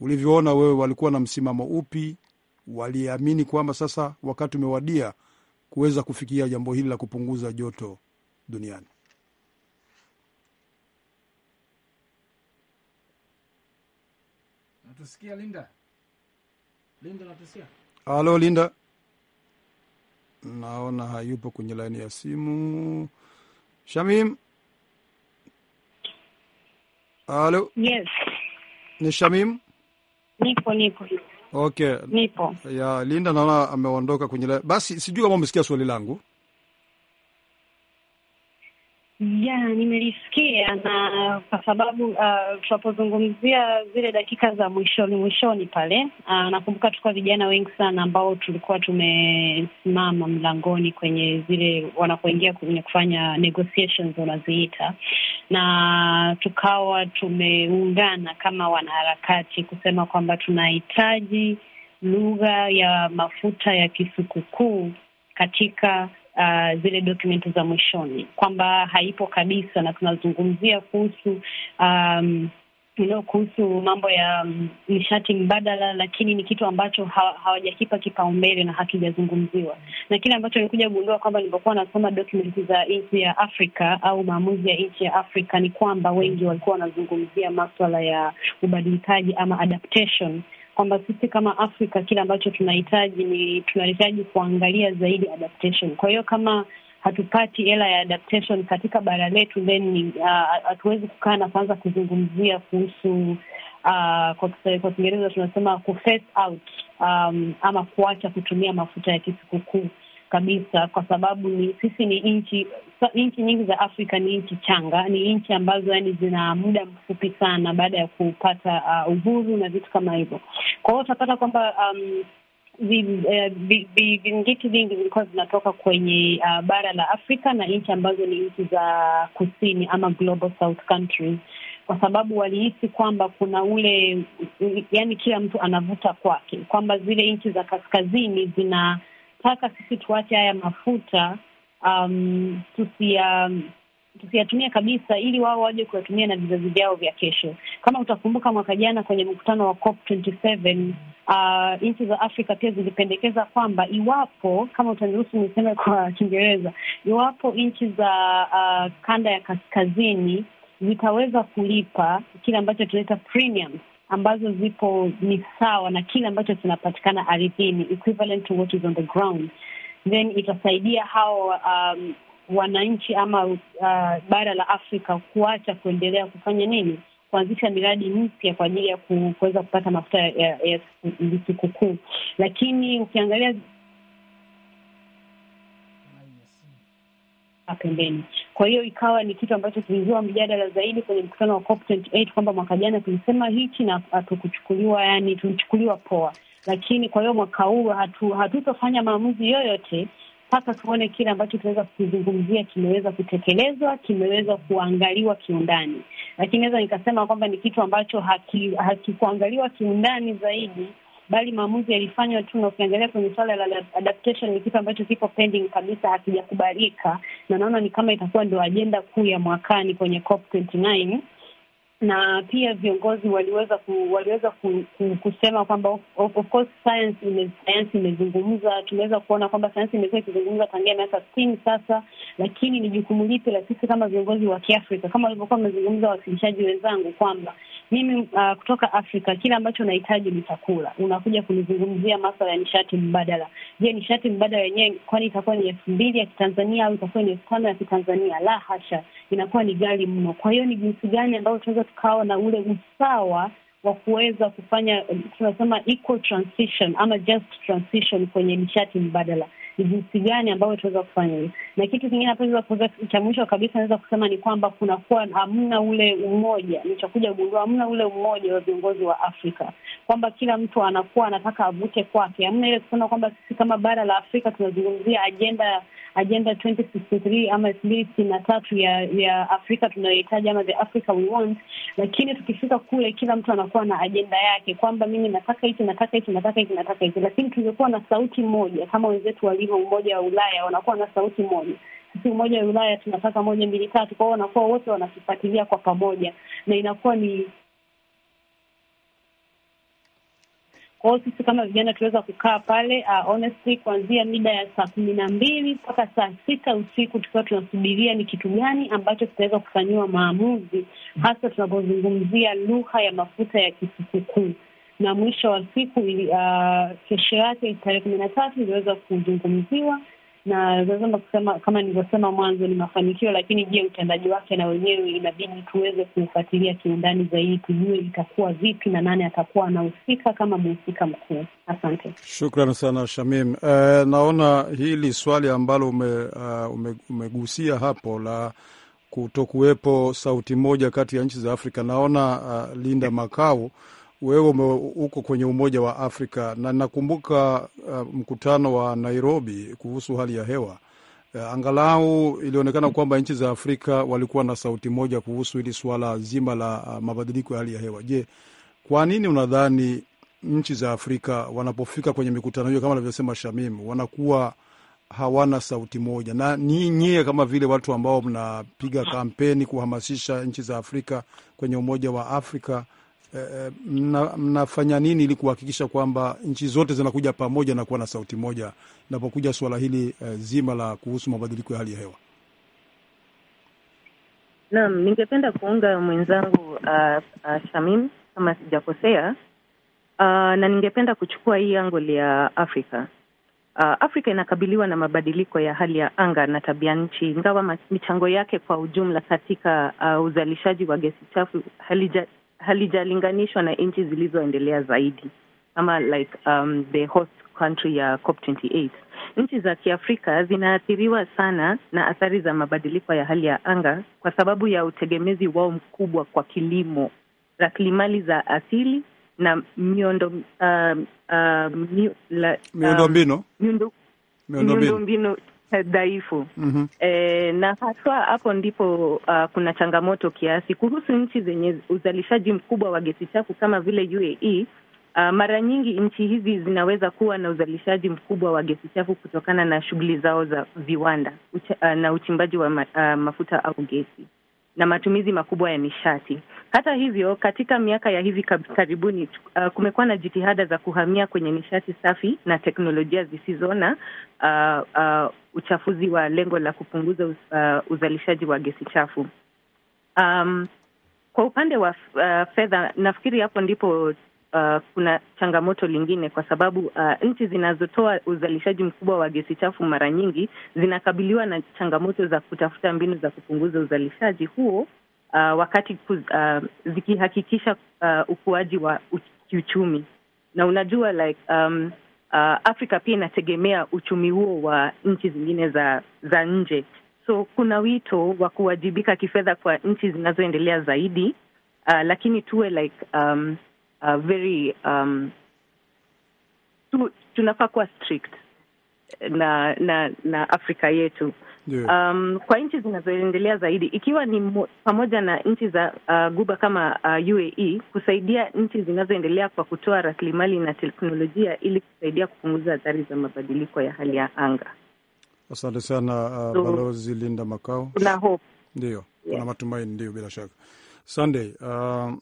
Speaker 2: ulivyoona wewe, walikuwa na msimamo upi? Waliamini kwamba sasa wakati umewadia kuweza kufikia jambo hili la kupunguza joto duniani?
Speaker 3: Natusikia Linda? Linda, natusikia?
Speaker 2: Halo Linda naona hayupo kwenye laini ya simu. Shamim, halo. Yes, ni Shamim.
Speaker 6: Nipo, nipo.
Speaker 2: Okay, nipo ya Linda, naona ameondoka kwenye la... Basi sijui kama umesikia swali langu
Speaker 6: ya nimelisikia na kwa sababu uh, tunapozungumzia zile dakika za mwishoni mwishoni pale uh, nakumbuka tulikuwa vijana wengi sana ambao tulikuwa tumesimama mlangoni kwenye zile wanapoingia kwenye kufanya negotiations wanaziita, na tukawa tumeungana kama wanaharakati kusema kwamba tunahitaji lugha ya mafuta ya kisukukuu katika uh, zile dokumenti za mwishoni, kwamba haipo kabisa, na tunazungumzia kuhusu um, know, kuhusu mambo ya um, nishati mbadala, lakini ni kitu ambacho ha hawajakipa kipaumbele na hakijazungumziwa. Na kile ambacho nilikuja kugundua kwamba nilipokuwa nasoma dokumenti za nchi ya Afrika au maamuzi ya nchi ya Afrika ni kwamba wengi walikuwa wanazungumzia maswala ya ubadilikaji ama adaptation kwamba sisi kama Afrika kile ambacho tunahitaji ni tunahitaji kuangalia zaidi adaptation. Kwa hiyo kama hatupati hela ya adaptation katika bara letu, then uh, hatuwezi uh, kukaa na kuanza kuzungumzia kuhusu uh, kwa Kiingereza tunasema ku phase out um, ama kuacha kutumia mafuta ya kisikukuu kabisa, kwa sababu ni sisi ni nchi nchi nyingi za Afrika ni nchi changa, ni nchi ambazo yani zina muda mfupi sana baada ya kupata uh, uhuru na vitu kama hivyo. Kwa hiyo utapata kwamba um, eh, vingiti uh, vingi vilikuwa zinatoka kwenye uh, bara la Afrika na nchi ambazo ni nchi za kusini ama global south countries, kwa sababu walihisi kwamba kuna ule, yani kila mtu anavuta kwake, kwamba zile nchi za kaskazini zina mpaka sisi tuache haya mafuta um, tusia tusiyatumia kabisa, ili wao waje kuyatumia na vizazi vyao vya kesho. Kama utakumbuka mwaka jana kwenye mkutano wa COP uh, nchi za Afrika pia zilipendekeza kwamba iwapo, kama utaniruhusu niseme kwa Kiingereza, iwapo nchi za uh, kanda ya kaskazini zitaweza kulipa kile ambacho tunaita premiums ambazo zipo ni sawa na kile ambacho kinapatikana ardhini, equivalent to what is on the ground, then itasaidia hawa um, wananchi ama uh, bara la Afrika kuacha kuendelea kufanya nini, kuanzisha miradi mpya kwa ajili ya kuweza kupata mafuta ya, ya, ya sikukuu, lakini ukiangalia pembeni. Kwa hiyo ikawa ni kitu ambacho kilizua mjadala zaidi kwenye mkutano wa COP28 kwamba mwaka jana tulisema hichi na hatukuchukuliwa, yani tulichukuliwa poa, lakini kwa hiyo mwaka huu hatu, hatutofanya maamuzi yoyote mpaka tuone kile ambacho tunaweza kukizungumzia kimeweza kutekelezwa, kimeweza kuangaliwa kiundani. Lakini naweza nikasema kwamba ni kitu ambacho hakikuangaliwa haki kiundani zaidi bali maamuzi yalifanywa tu, na ukiangalia kwenye suala la adaptation ni kitu ambacho kiko pending kabisa, hakijakubalika, na naona ni kama itakuwa ndio ajenda kuu ya mwakani kwenye COP 29 na pia viongozi waliweza ku, waliweza ku, ku, kusema kwamba of, of course science ime, science imezungumza. Tumeweza kuona kwamba sayansi imekuwa ikizungumza tangia miaka sitini sasa, lakini ni jukumu lipi la sisi kama viongozi wa Kiafrika, kama walivyokuwa wamezungumza wawasilishaji wenzangu kwamba mimi uh, kutoka Afrika kile ambacho unahitaji ni chakula, unakuja kunizungumzia maswala ya nishati mbadala. Je, nishati mbadala yenyewe kwani itakuwa ni elfu mbili ya Kitanzania au itakuwa ni elfu tano ya Kitanzania? La hasha inakuwa ni gari mno. Kwa hiyo ni jinsi gani ambayo tunaweza tukawa na ule usawa wa kuweza kufanya tunasema equal transition ama just transition kwenye nishati mbadala ni jinsi gani ambavyo tunaweza kufanya hivi. Na kitu kingine cha mwisho kabisa naweza kusema ni kwamba kunakuwa hamna ule umoja, nichakuja gundua hamna ule umoja wa viongozi wa Afrika, kwamba kila mtu anakuwa anataka avute kwake. Hamna ile kusema kwamba sisi kama bara la Afrika tunazungumzia ajenda ajenda 2063 ama elfu mbili sitini na tatu ya ya Afrika tunayohitaji ama the Africa we want, lakini tukifika kule kila mtu anakuwa na ajenda yake kwamba mimi nataka hiki, nataka hiki, nataka hiki, nataka hiki, lakini tungekuwa na sauti moja kama wenzetu walivyo wa Umoja wa Ulaya wanakuwa na sauti moja. Sisi Umoja wa Ulaya tunataka moja mbili tatu, kwa hiyo wanakuwa wote wanatufuatilia kwa pamoja, na inakuwa ni kwa hiyo sisi kama vijana tunaweza kukaa pale uh, honestly kuanzia mida ya saa kumi na mbili mpaka saa sita usiku tukiwa tunasubiria ni kitu gani ambacho kitaweza kufanyiwa maamuzi, hasa tunapozungumzia lugha ya mafuta ya kisukuku na mwisho wa siku uh, kesho yake tarehe kumi na tatu iliweza kuzungumziwa na kusema kama nilivyosema mwanzo ni mafanikio, lakini je, utendaji wake na wenyewe inabidi tuweze kuufuatilia kiundani zaidi, tujue itakuwa vipi na nani atakuwa anahusika kama mhusika mkuu. Asante,
Speaker 5: shukran
Speaker 2: sana Shamim. Eh, naona hili swali ambalo ume, uh, ume, umegusia hapo la kutokuwepo sauti moja kati ya nchi za Afrika, naona uh, Linda Makau wewe uko kwenye Umoja wa Afrika na nakumbuka uh, mkutano wa Nairobi kuhusu hali ya hewa uh, angalau ilionekana kwamba nchi za Afrika walikuwa na sauti moja kuhusu hili suala zima la uh, mabadiliko ya hali ya hewa. Je, kwa nini unadhani nchi za Afrika wanapofika kwenye mikutano hiyo kama anavyosema Shamim wanakuwa hawana sauti moja? Na ni nyie kama vile watu ambao mnapiga kampeni kuhamasisha nchi za Afrika kwenye Umoja wa Afrika mnafanya eh, eh, mna, mnafanya nini ili kuhakikisha kwamba nchi zote zinakuja pamoja na kuwa na sauti moja inapokuja suala hili e, zima la kuhusu mabadiliko ya hali ya hewa?
Speaker 4: Naam, ningependa kuunga mwenzangu uh, uh, Shamim kama sijakosea uh, na ningependa kuchukua hii angle ya Afrika. Uh, Afrika inakabiliwa na mabadiliko ya hali ya anga na tabia nchi, ingawa michango yake kwa ujumla katika uh, uzalishaji wa gesi chafu halijalinganishwa na nchi zilizoendelea zaidi ama like um, the host country ya COP28. Nchi za Kiafrika zinaathiriwa sana na athari za mabadiliko ya hali ya anga kwa sababu ya utegemezi wao mkubwa kwa kilimo, rasilimali za asili na miundo uh, um, uh, um,
Speaker 2: miundo,
Speaker 5: miundombinu
Speaker 4: um, dhaifu mm -hmm. E, na haswa hapo ndipo uh, kuna changamoto kiasi kuhusu nchi zenye uzalishaji mkubwa wa gesi chafu kama vile UAE. Uh, mara nyingi nchi hizi zinaweza kuwa na uzalishaji mkubwa wa gesi chafu kutokana na shughuli zao za viwanda ucha, uh, na uchimbaji wa ma, uh, mafuta au gesi na matumizi makubwa ya nishati. Hata hivyo, katika miaka ya hivi karibuni uh, kumekuwa na jitihada za kuhamia kwenye nishati safi na teknolojia zisizo na uh, uh, uchafuzi wa lengo la kupunguza uh, uzalishaji wa gesi chafu. Um, kwa upande wa uh, fedha, nafikiri hapo ndipo uh, kuna changamoto lingine kwa sababu uh, nchi zinazotoa uzalishaji mkubwa wa gesi chafu mara nyingi zinakabiliwa na changamoto za kutafuta mbinu za kupunguza uzalishaji huo, uh, wakati kuz, uh, zikihakikisha uh, ukuaji wa kiuchumi na unajua like um, uh, Afrika pia inategemea uchumi huo wa nchi zingine za za nje, so kuna wito wa kuwajibika kifedha kwa nchi zinazoendelea zaidi, uh, lakini tuwe like um, uh, very um, tu, tunafaa kuwa strict na na na Afrika yetu yeah. Um, kwa nchi zinazoendelea zaidi ikiwa ni pamoja na nchi za uh, Guba kama uh, UAE kusaidia nchi zinazoendelea kwa kutoa rasilimali na teknolojia ili kusaidia kupunguza athari za mabadiliko ya hali ya anga.
Speaker 2: Asante sana uh, so, Balozi Linda Makao, kuna hope ndio, kuna yeah, matumaini ndio, bila shaka Sunday uh,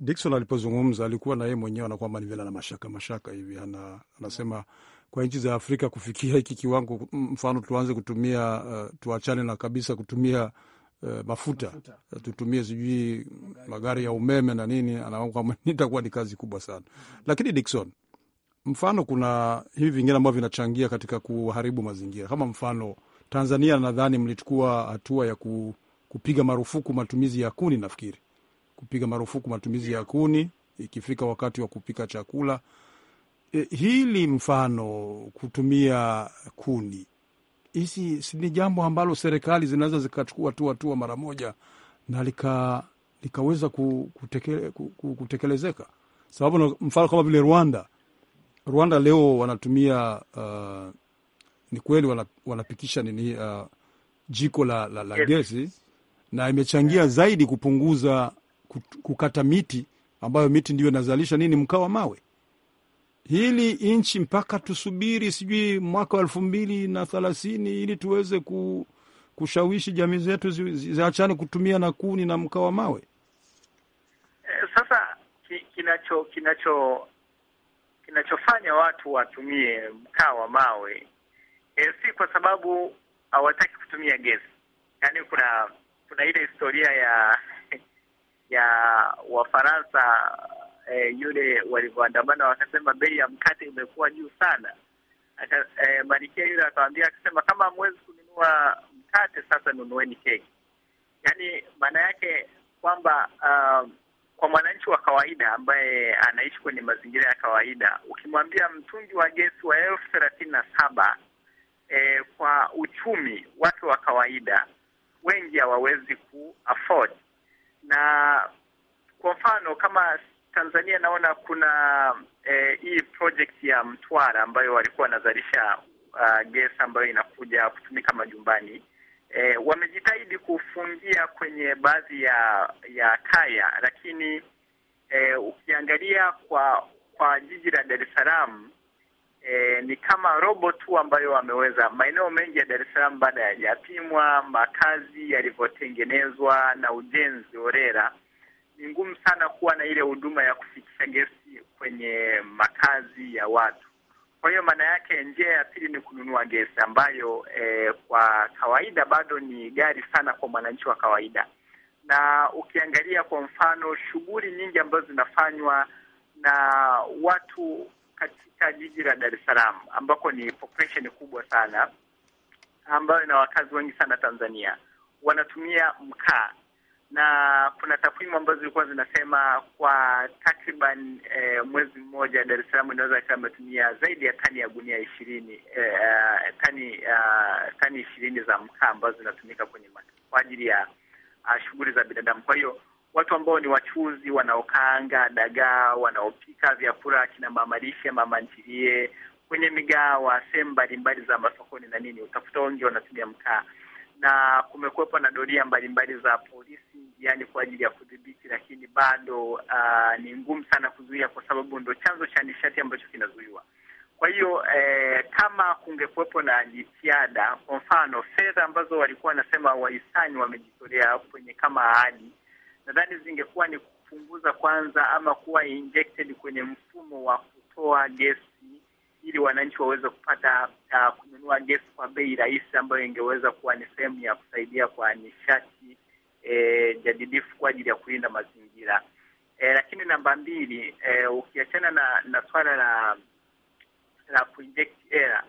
Speaker 2: Dikson alipozungumza alikuwa na yeye mwenyewe anakwamba kwamba ni vile ana mashaka mashaka hivi ana, anasema kwa nchi za Afrika kufikia hiki kiwango, mfano tuanze kutumia uh, tuachane na kabisa kutumia uh, mafuta, mafuta. Uh, tutumie sijui magari ya umeme na nini, itakuwa ni kazi kubwa sana mm-hmm. Lakini Dikson, mfano kuna hivi vingine ambavyo vinachangia katika kuharibu mazingira kama mfano Tanzania, nadhani mlichukua hatua ya ku, kupiga marufuku matumizi ya kuni nafikiri kupiga marufuku matumizi ya kuni ikifika wakati wa kupika chakula. E, hili mfano kutumia kuni hisi ni jambo ambalo serikali zinaweza zikachukua tu hatua mara moja na lika, likaweza kutekele, kutekelezeka, sababu mfano kama vile Rwanda. Rwanda leo wanatumia uh, ni kweli wanapikisha nini uh, jiko la, la, la gesi na imechangia zaidi kupunguza kukata miti ambayo miti ndiyo inazalisha nini, mkaa wa mawe. Hili nchi mpaka tusubiri sijui mwaka wa elfu mbili na thelathini ili tuweze ku, kushawishi jamii zetu ziachane kutumia na kuni na mkaa wa mawe.
Speaker 7: Eh, sasa kinacho kinacho kinachofanya watu watumie mkaa wa mawe e, si kwa sababu hawataki kutumia gesi. Yaani kuna kuna ile historia ya ya Wafaransa eh, yule walivyoandamana wakasema bei ya mkate imekuwa juu sana. Eh, Malkia yule akawambia akasema, kama hamwezi kununua mkate sasa nunueni keki. Yaani maana yake kwamba uh, kwa mwananchi wa kawaida ambaye anaishi kwenye mazingira ya kawaida, ukimwambia mtungi wa gesi wa elfu thelathini na saba eh, kwa uchumi wake wa kawaida wengi hawawezi ku afford na kwa mfano kama Tanzania naona kuna eh, hii project ya Mtwara ambayo walikuwa wanazalisha uh, ah, gesi ambayo inakuja kutumika majumbani. Eh, wamejitahidi kufungia kwenye baadhi ya ya kaya, lakini eh, ukiangalia kwa kwa jiji la Dar es Salaam E, ni kama robo tu ambayo wameweza maeneo mengi ya Dar es Salaam baada ya yapimwa makazi yalivyotengenezwa na ujenzi orera, ni ngumu sana kuwa na ile huduma ya kufikisha gesi kwenye makazi ya watu. Kwa hiyo maana yake njia ya pili ni kununua gesi ambayo e, kwa kawaida bado ni gari sana kwa mwananchi wa kawaida, na ukiangalia kwa mfano shughuli nyingi ambazo zinafanywa na watu katika jiji la Dar es Salaam ambako ni population kubwa sana ambayo ina wakazi wengi sana Tanzania, wanatumia mkaa na kuna takwimu ambazo zilikuwa zinasema kwa takriban e, mwezi mmoja Dar es Salaam inaweza ikawa imetumia zaidi ya tani ya gunia ishirini e, tani a, tani ishirini za mkaa ambazo zinatumika kwenye kwa ajili ya shughuli za binadamu. Kwa hiyo watu ambao ni wachuzi wanaokaanga dagaa, wanaopika vyakula, kina mama lishe, mama ntilie, kwenye migawa, sehemu mbalimbali za masokoni na nini, utafuta wengi wanatumia mkaa, na kumekuwepo na doria mbalimbali za polisi yani kwa ajili ya kudhibiti, lakini bado uh, ni ngumu sana kuzuia, kwa sababu ndo chanzo cha nishati ambacho kinazuiwa. Kwa hiyo eh, kama kungekuwepo na jitihada, kwa mfano fedha ambazo walikuwa wanasema wahisani wamejitolea kwenye kama ahadi nadhani zingekuwa ni kupunguza kwanza, ama kuwa injected kwenye mfumo wa kutoa gesi ili wananchi waweze kupata uh, kununua gesi kwa bei rahisi, ambayo ingeweza kuwa ni sehemu ya kusaidia kwa nishati e, jadidifu kwa ajili ya kulinda mazingira e, lakini namba mbili e, ukiachana na, na swala la la kuinject air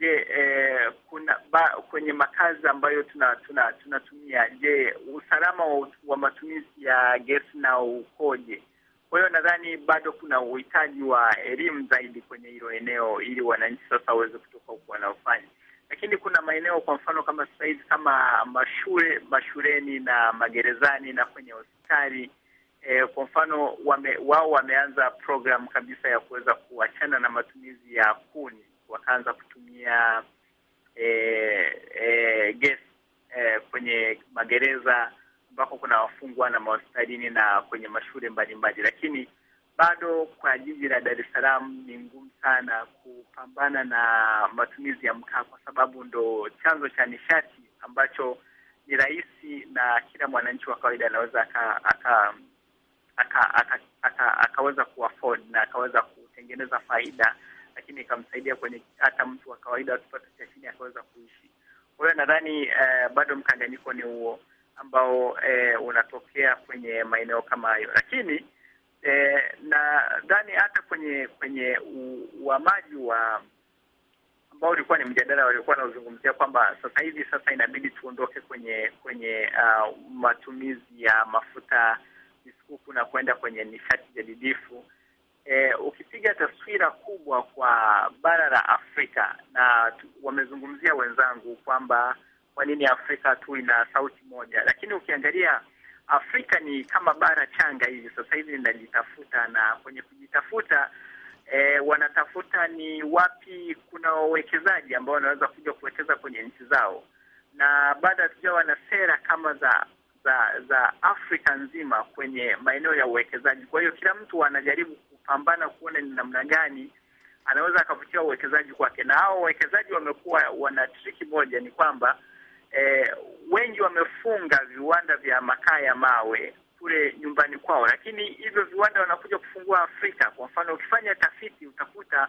Speaker 7: Je, eh, kuna ba, kwenye makazi ambayo tunatumia tuna, tuna je, usalama wa, wa matumizi ya gesi na ukoje? Kwa hiyo nadhani bado kuna uhitaji wa elimu zaidi kwenye hilo eneo, ili wananchi sasa waweze kutoka huku wanaofanya. Lakini kuna maeneo kwa mfano kama sasa hivi kama mashule, mashuleni na magerezani na kwenye hospitali eh, kwa mfano wame, wao wameanza program kabisa ya kuweza kuachana na matumizi ya kuni wakaanza kutumia e, e, gesi e, kwenye magereza ambako kuna wafungwa na mahospitalini na kwenye mashule mbalimbali, lakini bado kwa jiji la Dar es Salaam ni ngumu sana kupambana na matumizi ya mkaa, kwa sababu ndo chanzo cha nishati ambacho ni rahisi na kila mwananchi wa kawaida anaweza aka, aka, aka, aka, aka, akaweza kuafford na akaweza kutengeneza faida lakini ikamsaidia kwenye hata mtu wa kawaida wa kipato cha chini akaweza kuishi. Kwa hiyo nadhani eh, bado mkanganyiko ni huo ambao eh, unatokea kwenye maeneo kama hayo, lakini eh, nadhani hata kwenye kwenye uhamaji wa ambao ulikuwa ni mjadala waliokuwa wanaozungumzia kwamba sasa hivi sasa inabidi tuondoke kwenye kwenye uh, matumizi ya mafuta misukuku na kwenda kwenye nishati jadidifu. E, ukipiga taswira kubwa kwa bara la Afrika na wamezungumzia wenzangu kwamba kwa nini Afrika tu ina sauti moja, lakini ukiangalia Afrika ni kama bara changa hivi sasa hivi linajitafuta, na kwenye kujitafuta e, wanatafuta ni wapi kuna wawekezaji ambao wanaweza kuja kuwekeza kwenye nchi zao, na baada ya wana na sera kama za za za Afrika nzima kwenye maeneo ya uwekezaji. Kwa hiyo kila mtu anajaribu kupambana kuona ni namna gani anaweza akavutia uwekezaji kwake, na hao wawekezaji wamekuwa wana triki moja, ni kwamba eh, wengi wamefunga viwanda vya makaa ya mawe kule nyumbani kwao, lakini hivyo viwanda wanakuja kufungua Afrika. Kwa mfano, ukifanya tafiti utakuta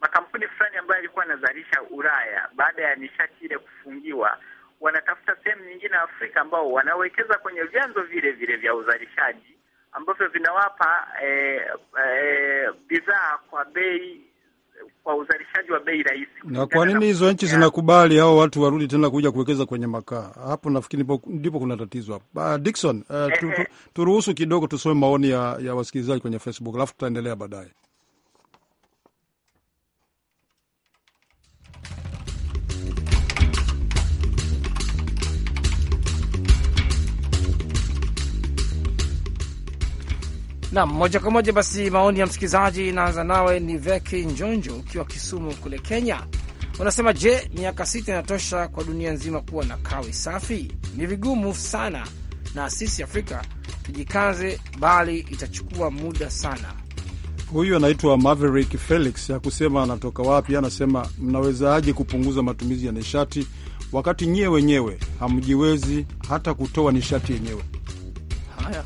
Speaker 7: makampuni fulani ambayo yalikuwa yanazalisha Ulaya, baada ya nishati ile kufungiwa, wanatafuta sehemu nyingine Afrika ambao wanawekeza kwenye vyanzo vile vile vya uzalishaji ambavyo vinawapa eh, eh, bidhaa kwa bei kwa uzalishaji wa bei rahisi.
Speaker 2: Na kwa nini hizo nchi zinakubali hao watu warudi tena kuja kuwekeza kwenye makaa hapo? Nafikiri ndipo kuna tatizo hapo. Uh, Dickson, uh, turuhusu kidogo tusome maoni ya, ya wasikilizaji kwenye Facebook alafu tutaendelea baadaye.
Speaker 3: Nam moja kwa moja basi, maoni ya msikilizaji inaanza nawe. Ni Veki Njonjo ukiwa Kisumu kule Kenya, unasema je, miaka sita inatosha kwa dunia nzima kuwa na kawi safi? Ni vigumu sana, na sisi Afrika tujikaze, bali itachukua muda sana.
Speaker 2: Huyu anaitwa Maverick Felix, kusema anatoka wapi. Anasema mnawezaje kupunguza matumizi ya nishati wakati nyie wenyewe hamjiwezi hata kutoa nishati yenyewe?
Speaker 3: Haya,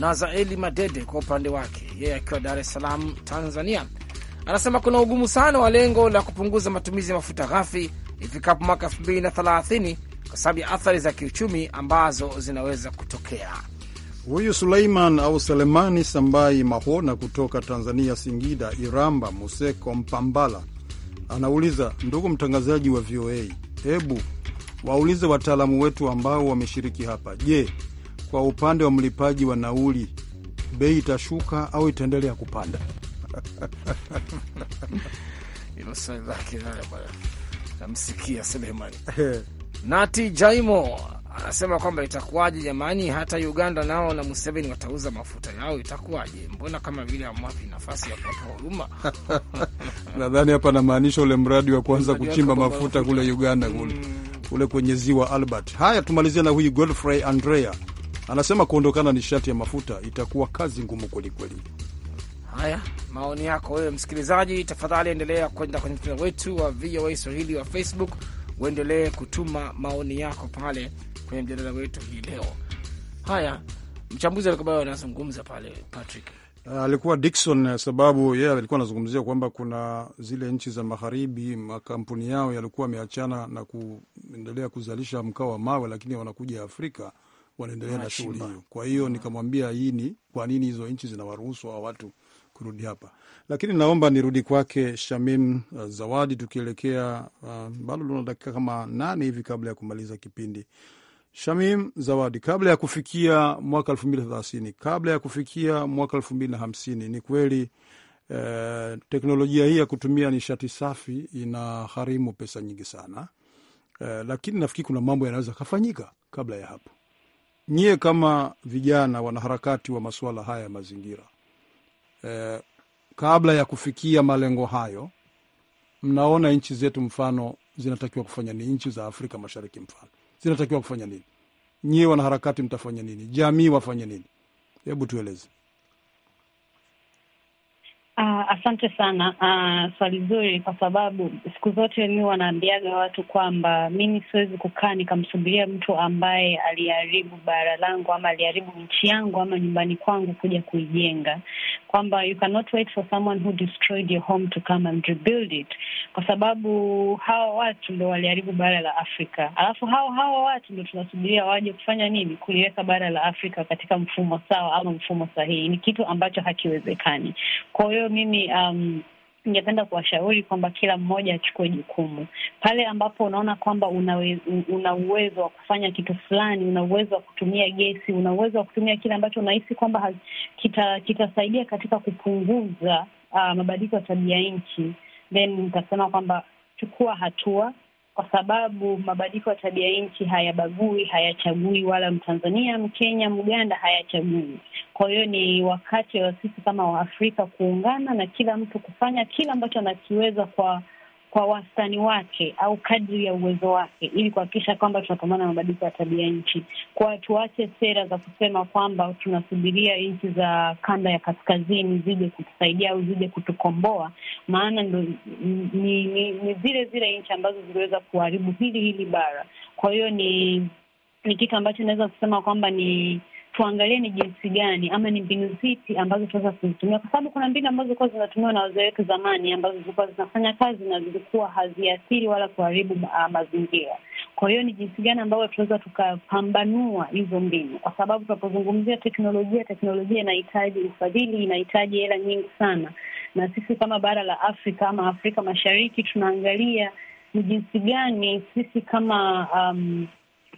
Speaker 3: na Zaeli Madede kwa upande wake yeye akiwa Dar es Salaam, Tanzania, anasema kuna ugumu sana wa lengo la kupunguza matumizi ya mafuta ghafi ifikapo mwaka 230 kwa sababu ya athari za kiuchumi ambazo zinaweza kutokea.
Speaker 2: Huyu Suleiman au Selemani Sambai Mahona kutoka Tanzania, Singida, Iramba, Museko, Mpambala, anauliza ndugu mtangazaji wa VOA, hebu waulize wataalamu wetu ambao wameshiriki hapa, je, kwa upande wa mlipaji wa nauli, bei itashuka au itaendelea kupanda?
Speaker 3: Hilo swali lake namsikia Selemani Nati Jaimo anasema kwamba itakuwaje jamani, hata Uganda nao na Museveni watauza mafuta yao, itakuwaje? Mbona kama vile amwapi nafasi ya kuwapa huruma?
Speaker 2: Nadhani hapa namaanisha ule mradi wa kuanza kuchimba mafuta kule Uganda, kule mm. kule kwenye ziwa Albert. Haya, tumalizie na huyu Godfrey Andrea Anasema kuondokana nishati ya mafuta itakuwa kazi ngumu kwelikweli.
Speaker 3: Haya, maoni yako wewe msikilizaji, tafadhali endelea kwenda kwenye mtandao wetu wa VOA Swahili wa Facebook, uendelee kutuma maoni yako pale kwenye mjadala wetu hii leo. Haya, mchambuzi alikuwa anazungumza pale Patrick
Speaker 2: uh, alikuwa uh, Dickson eh, sababu yeye yeah, alikuwa anazungumzia kwamba kuna zile nchi za magharibi makampuni yao yalikuwa ameachana na kuendelea kuzalisha mkaa wa mawe, lakini wanakuja Afrika wanaendelea na shughuli hiyo. Kwa hiyo ah. nikamwambia hii ni kwa nini hizo nchi zinawaruhusu hawa watu kurudi hapa, lakini naomba nirudi kwake Shamim uh, Zawadi tukielekea uh, bado tuna dakika kama nane hivi kabla ya kumaliza kipindi. Shamim Zawadi, kabla ya kufikia mwaka elfu mbili thelathini kabla ya kufikia mwaka elfu mbili na hamsini ni kweli eh, teknolojia hii ya kutumia nishati safi ina inagharimu pesa nyingi sana eh, lakini nafikiri kuna mambo yanaweza kafanyika kabla ya hapo nyie kama vijana wanaharakati wa masuala haya ya mazingira eh, kabla ya kufikia malengo hayo, mnaona nchi zetu mfano zinatakiwa kufanya nini? Nchi za Afrika Mashariki mfano zinatakiwa kufanya nini? Nyie wanaharakati mtafanya nini? Jamii wafanye nini? Hebu tueleze.
Speaker 6: Uh, asante sana uh, swali zuri, kwa sababu siku zote mi wanaambiaga watu kwamba mimi siwezi kukaa nikamsubiria mtu ambaye aliharibu bara langu ama aliharibu nchi yangu ama nyumbani kwangu kuja kuijenga kwamba you cannot wait for someone who destroyed your home to come and rebuild it, kwa sababu hawa watu ndo waliharibu bara la Afrika, alafu hawa hawa watu ndo tunasubiria waje kufanya nini? Kuliweka bara la Afrika katika mfumo sawa ama mfumo sahihi. Ni kitu ambacho hakiwezekani. Kwa hiyo mimi um, ningependa kuwashauri kwamba kila mmoja achukue jukumu pale ambapo unaona kwamba una uwezo wa kufanya kitu fulani, una uwezo wa kutumia gesi, una uwezo wa kutumia kile ambacho unahisi kwamba kitasaidia kita katika kupunguza uh, mabadiliko ya tabia nchi, then nitasema kwamba chukua hatua kwa sababu mabadiliko ya tabia nchi hayabagui, hayachagui, wala Mtanzania, Mkenya, Mganda hayachagui. Kwa hiyo ni wakati wa sisi kama Waafrika kuungana na kila mtu kufanya kila ambacho anakiweza kwa kwa wastani wake au kadri ya uwezo wake, ili kuhakikisha kwamba tunapambana na mabadiliko ya tabia nchi. Kwa tuache sera za kusema kwamba tunasubiria nchi za kanda ya kaskazini zije kutusaidia au zije kutukomboa, maana ndo ni, ni, ni zile zile nchi ambazo ziliweza kuharibu hili hili bara. Kwa hiyo ni ni kitu ambacho inaweza kusema kwamba ni tuangalie ni jinsi gani ama ni mbinu zipi ambazo tunaweza kuzitumia, kwa sababu kuna mbinu ambazo zilikuwa zinatumiwa na wazee wetu zamani ambazo zilikuwa zinafanya kazi na zilikuwa haziathiri wala kuharibu ah, mazingira. Kwa hiyo ni jinsi gani ambavyo tunaweza tukapambanua hizo mbinu, kwa sababu tunapozungumzia teknolojia, teknolojia inahitaji ufadhili, inahitaji hela nyingi sana, na sisi kama bara la Afrika ama Afrika Mashariki tunaangalia ni jinsi gani sisi kama um,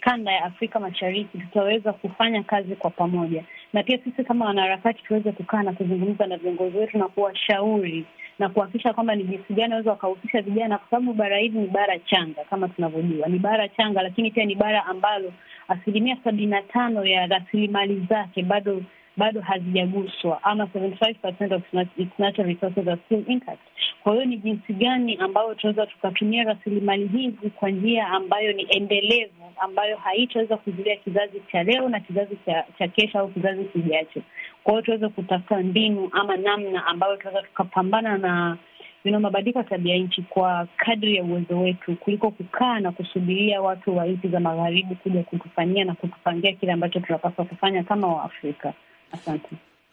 Speaker 6: kanda ya Afrika Mashariki tutaweza kufanya kazi kwa pamoja, na pia sisi kama wanaharakati tuweze kukaa na kuzungumza na viongozi wetu na kuwashauri na kuhakikisha kwamba ni jinsi gani waweza wakahusisha vijana, kwa sababu bara hili ni bara changa kama tunavyojua, ni bara changa, lakini pia ni bara ambalo asilimia sabini na tano ya rasilimali zake bado bado hazijaguswa ama 75% of its natural resources are still intact. Kwa hiyo ni jinsi gani ambayo tunaweza tukatumia rasilimali hizi kwa njia ambayo ni endelevu, ambayo haitaweza kuzulia kizazi cha leo na kizazi cha, cha kesho au kizazi kijacho. Kwa hiyo tuweze kutafuta mbinu ama namna ambayo tunaweza tukapambana na vina mabadiliko ya tabia nchi kwa kadri ya uwezo wetu, kuliko kukaa na kusubiria watu wa nchi za magharibi kuja kutufanyia na kutupangia kile ambacho tunapaswa kufanya kama Waafrika. Asante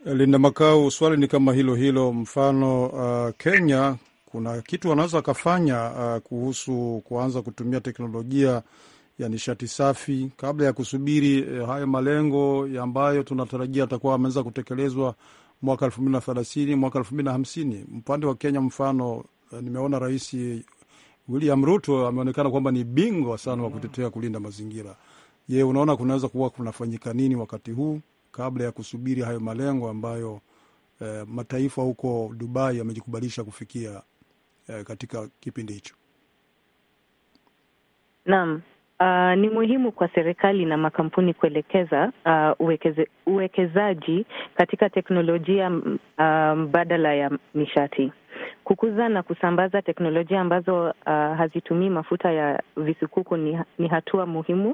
Speaker 2: Linda Makau. Swali ni kama hilo hilo, mfano uh, Kenya kuna kitu wanaweza wakafanya uh, kuhusu kuanza kutumia teknolojia ya nishati safi kabla ya kusubiri eh, hayo malengo ambayo tunatarajia atakuwa ameweza kutekelezwa mwaka elfu mbili na thelathini mwaka elfu mbili na hamsini Upande wa Kenya mfano eh, nimeona Rais William Ruto ameonekana kwamba ni bingwa sana mm -hmm. wa kutetea kulinda mazingira. Je, unaona kunaweza kuwa kunafanyika nini wakati huu kabla ya kusubiri hayo malengo ambayo eh, mataifa huko Dubai yamejikubalisha kufikia eh, katika kipindi hicho?
Speaker 4: Naam. Uh, ni muhimu kwa serikali na makampuni kuelekeza uh, uwekezaji katika teknolojia mm, uh, mbadala ya nishati, kukuza na kusambaza teknolojia ambazo uh, hazitumii mafuta ya visukuku. Ni, ni hatua muhimu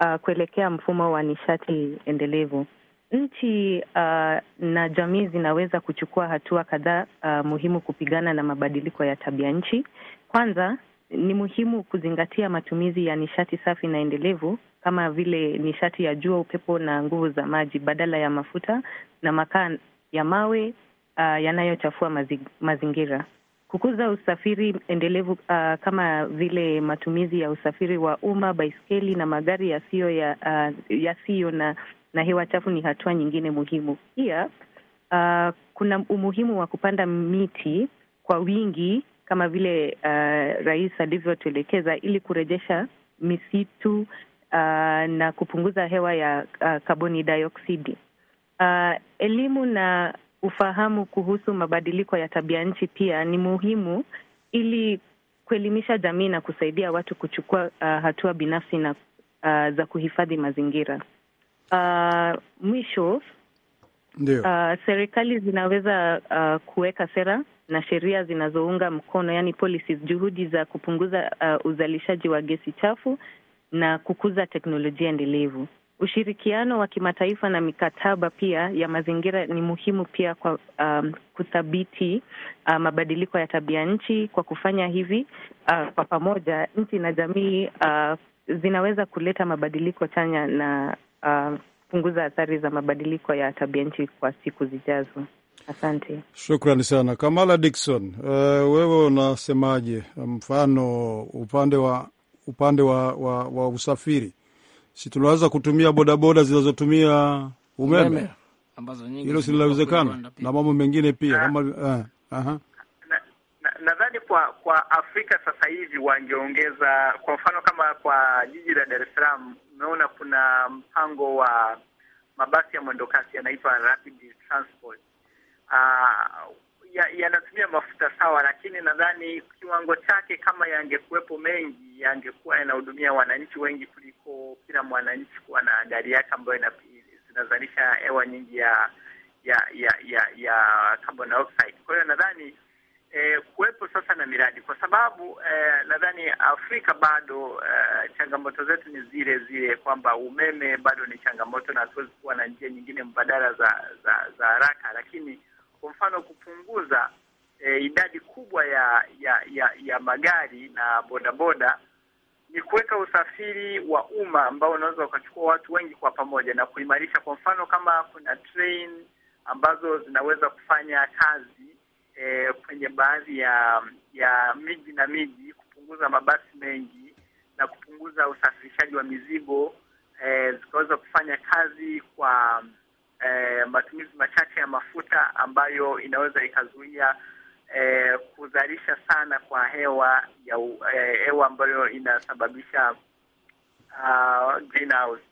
Speaker 4: uh, kuelekea mfumo wa nishati endelevu. Nchi uh, na jamii zinaweza kuchukua hatua kadhaa uh, muhimu kupigana na mabadiliko ya tabia nchi. Kwanza ni muhimu kuzingatia matumizi ya nishati safi na endelevu kama vile nishati ya jua, upepo na nguvu za maji badala ya mafuta na makaa ya mawe uh, yanayochafua mazi, mazingira. Kukuza usafiri endelevu uh, kama vile matumizi ya usafiri wa umma, baiskeli na magari yasiyo ya, uh, yasiyo na, na hewa chafu ni hatua nyingine muhimu. Pia uh, kuna umuhimu wa kupanda miti kwa wingi kama vile uh, rais alivyotuelekeza ili kurejesha misitu uh, na kupunguza hewa ya uh, kaboni dioksidi. Uh, elimu na ufahamu kuhusu mabadiliko ya tabia nchi pia ni muhimu ili kuelimisha jamii na kusaidia watu kuchukua uh, hatua binafsi na uh, za kuhifadhi mazingira. Uh, mwisho, ndio, uh, serikali zinaweza uh, kuweka sera na sheria zinazounga mkono, yani policies, juhudi za kupunguza uh, uzalishaji wa gesi chafu na kukuza teknolojia endelevu. Ushirikiano wa kimataifa na mikataba pia ya mazingira ni muhimu pia kwa um, kuthabiti uh, mabadiliko ya tabia nchi. Kwa kufanya hivi uh, kwa pamoja, nchi na jamii uh, zinaweza kuleta mabadiliko chanya na uh, kupunguza athari za mabadiliko ya tabia nchi kwa siku zijazo. Asante,
Speaker 2: shukrani sana Kamala Dikson. Uh, eh, wewe unasemaje? Mfano upande wa upande wa, wa, wa usafiri, si tunaweza kutumia bodaboda zinazotumia umeme,
Speaker 3: hilo silinawezekana
Speaker 2: na mambo mengine pia kama uh, uh -huh.
Speaker 7: Nadhani kwa kwa Afrika sasa hivi wangeongeza, kwa mfano kama kwa jiji la Dar es Salaam, umeona kuna mpango wa mabasi ya mwendokasi yanaitwa rapid transport Ah, yanatumia ya mafuta sawa, lakini nadhani kiwango chake, kama yangekuwepo mengi, yangekuwa yanahudumia wananchi wengi kuliko kila mwananchi kuwa na gari yake ambayo zinazalisha hewa nyingi ya ya ya ya ya carbon dioxide. Kwa hiyo nadhani eh, kuwepo sasa na miradi kwa sababu eh, nadhani Afrika bado eh, changamoto zetu ni zile zile kwamba umeme bado ni changamoto na hatuwezi kuwa na njia nyingine mbadala za za za haraka, lakini kwa mfano kupunguza e, idadi kubwa ya ya, ya ya magari na bodaboda ni kuweka usafiri wa umma ambao unaweza ukachukua watu wengi kwa pamoja na kuimarisha, kwa mfano kama kuna train ambazo zinaweza kufanya kazi e, kwenye baadhi ya ya miji na miji, kupunguza mabasi mengi na kupunguza usafirishaji wa mizigo e, zikaweza kufanya kazi kwa eh, matumizi machache ya mafuta ambayo inaweza ikazuia eh, kuzalisha sana kwa hewa ya eh, hewa ambayo inasababisha uh, greenhouse.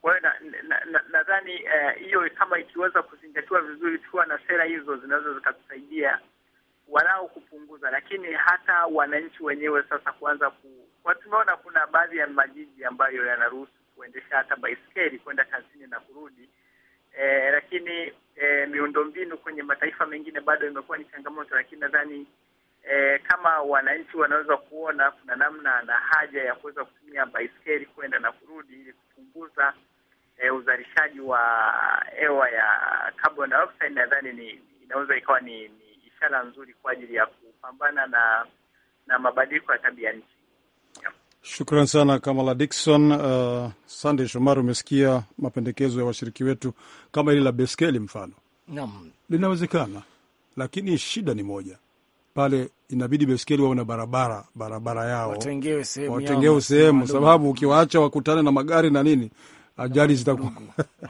Speaker 7: Kwa hiyo nadhani na, na, na eh, hiyo eh, kama ikiweza kuzingatiwa vizuri, tukiwa na sera hizo zinaweza zikatusaidia walau kupunguza, lakini hata wananchi wenyewe sasa kuanza ku, tumeona kuna baadhi ya majiji ambayo yanaruhusu kuendesha hata baiskeli kwenda kazini na kurudi e, lakini e, miundombinu kwenye mataifa mengine bado imekuwa ni changamoto, lakini nadhani e, kama wananchi wanaweza kuona kuna namna na haja ya kuweza kutumia baiskeli kwenda na kurudi ili kupunguza e, uzalishaji wa hewa ya carbon dioxide, nadhani ni inaweza ikawa ni, ni ishara nzuri kwa ajili ya kupambana na na mabadiliko ya tabia nchi.
Speaker 2: Shukran sana Kamala Dikson. Uh, Sandey Shomari, umesikia mapendekezo ya washiriki wetu kama hili la beskeli mfano. Naam, linawezekana, lakini shida ni moja pale inabidi beskeli wawe na barabara barabara yao watengewe sehemu, sababu ukiwaacha wakutane na magari na nini, ajali zitakuwa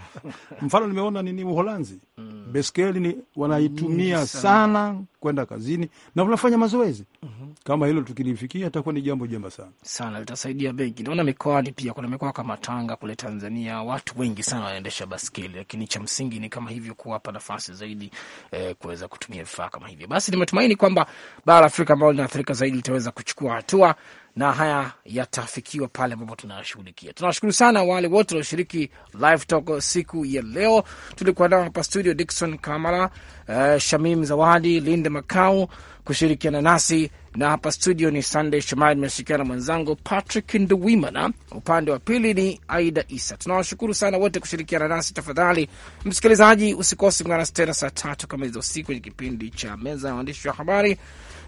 Speaker 2: mfano nimeona nini Uholanzi mm. beskeli ni wanaitumia mm, sana kwenda kazini na unafanya mazoezi mm -hmm. Kama hilo tukilifikia,
Speaker 3: itakuwa ni jambo jema sana sana, litasaidia benki. Naona mikoani pia kuna mikoa kama Tanga kule Tanzania, watu wengi sana wanaendesha baskeli, lakini cha msingi ni kama hivyo kuwapa nafasi zaidi eh, kuweza kutumia vifaa kama hivyo. Basi ni matumaini kwamba bara la Afrika ambalo linaathirika zaidi litaweza kuchukua hatua na haya yatafikiwa pale ambapo tunashughulikia. Tunawashukuru sana wale wote walioshiriki live talk siku ya leo. Tulikuwa nao hapa studio Dickson Kamara, uh, Shamim Zawadi, Linda Makau kushirikiana nasi na hapa studio ni sandey Shomari, nimeshirikiana na mwenzangu Patrick Nduwimana, upande wa pili ni Aida Isa. Tunawashukuru sana wote kushirikiana nasi. Tafadhali msikilizaji, usikose kuungana nasi tena saa tatu kama hizo usiku kwenye kipindi cha meza ya waandishi wa habari.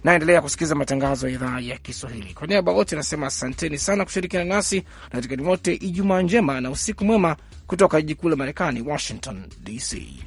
Speaker 3: Naendelea kusikiliza matangazo ya idhaa ya Kiswahili. Kwa niaba wote nasema asanteni sana kushirikiana nasi natikani wote, Ijumaa njema na usiku mwema kutoka jiji kuu la Marekani, Washington DC.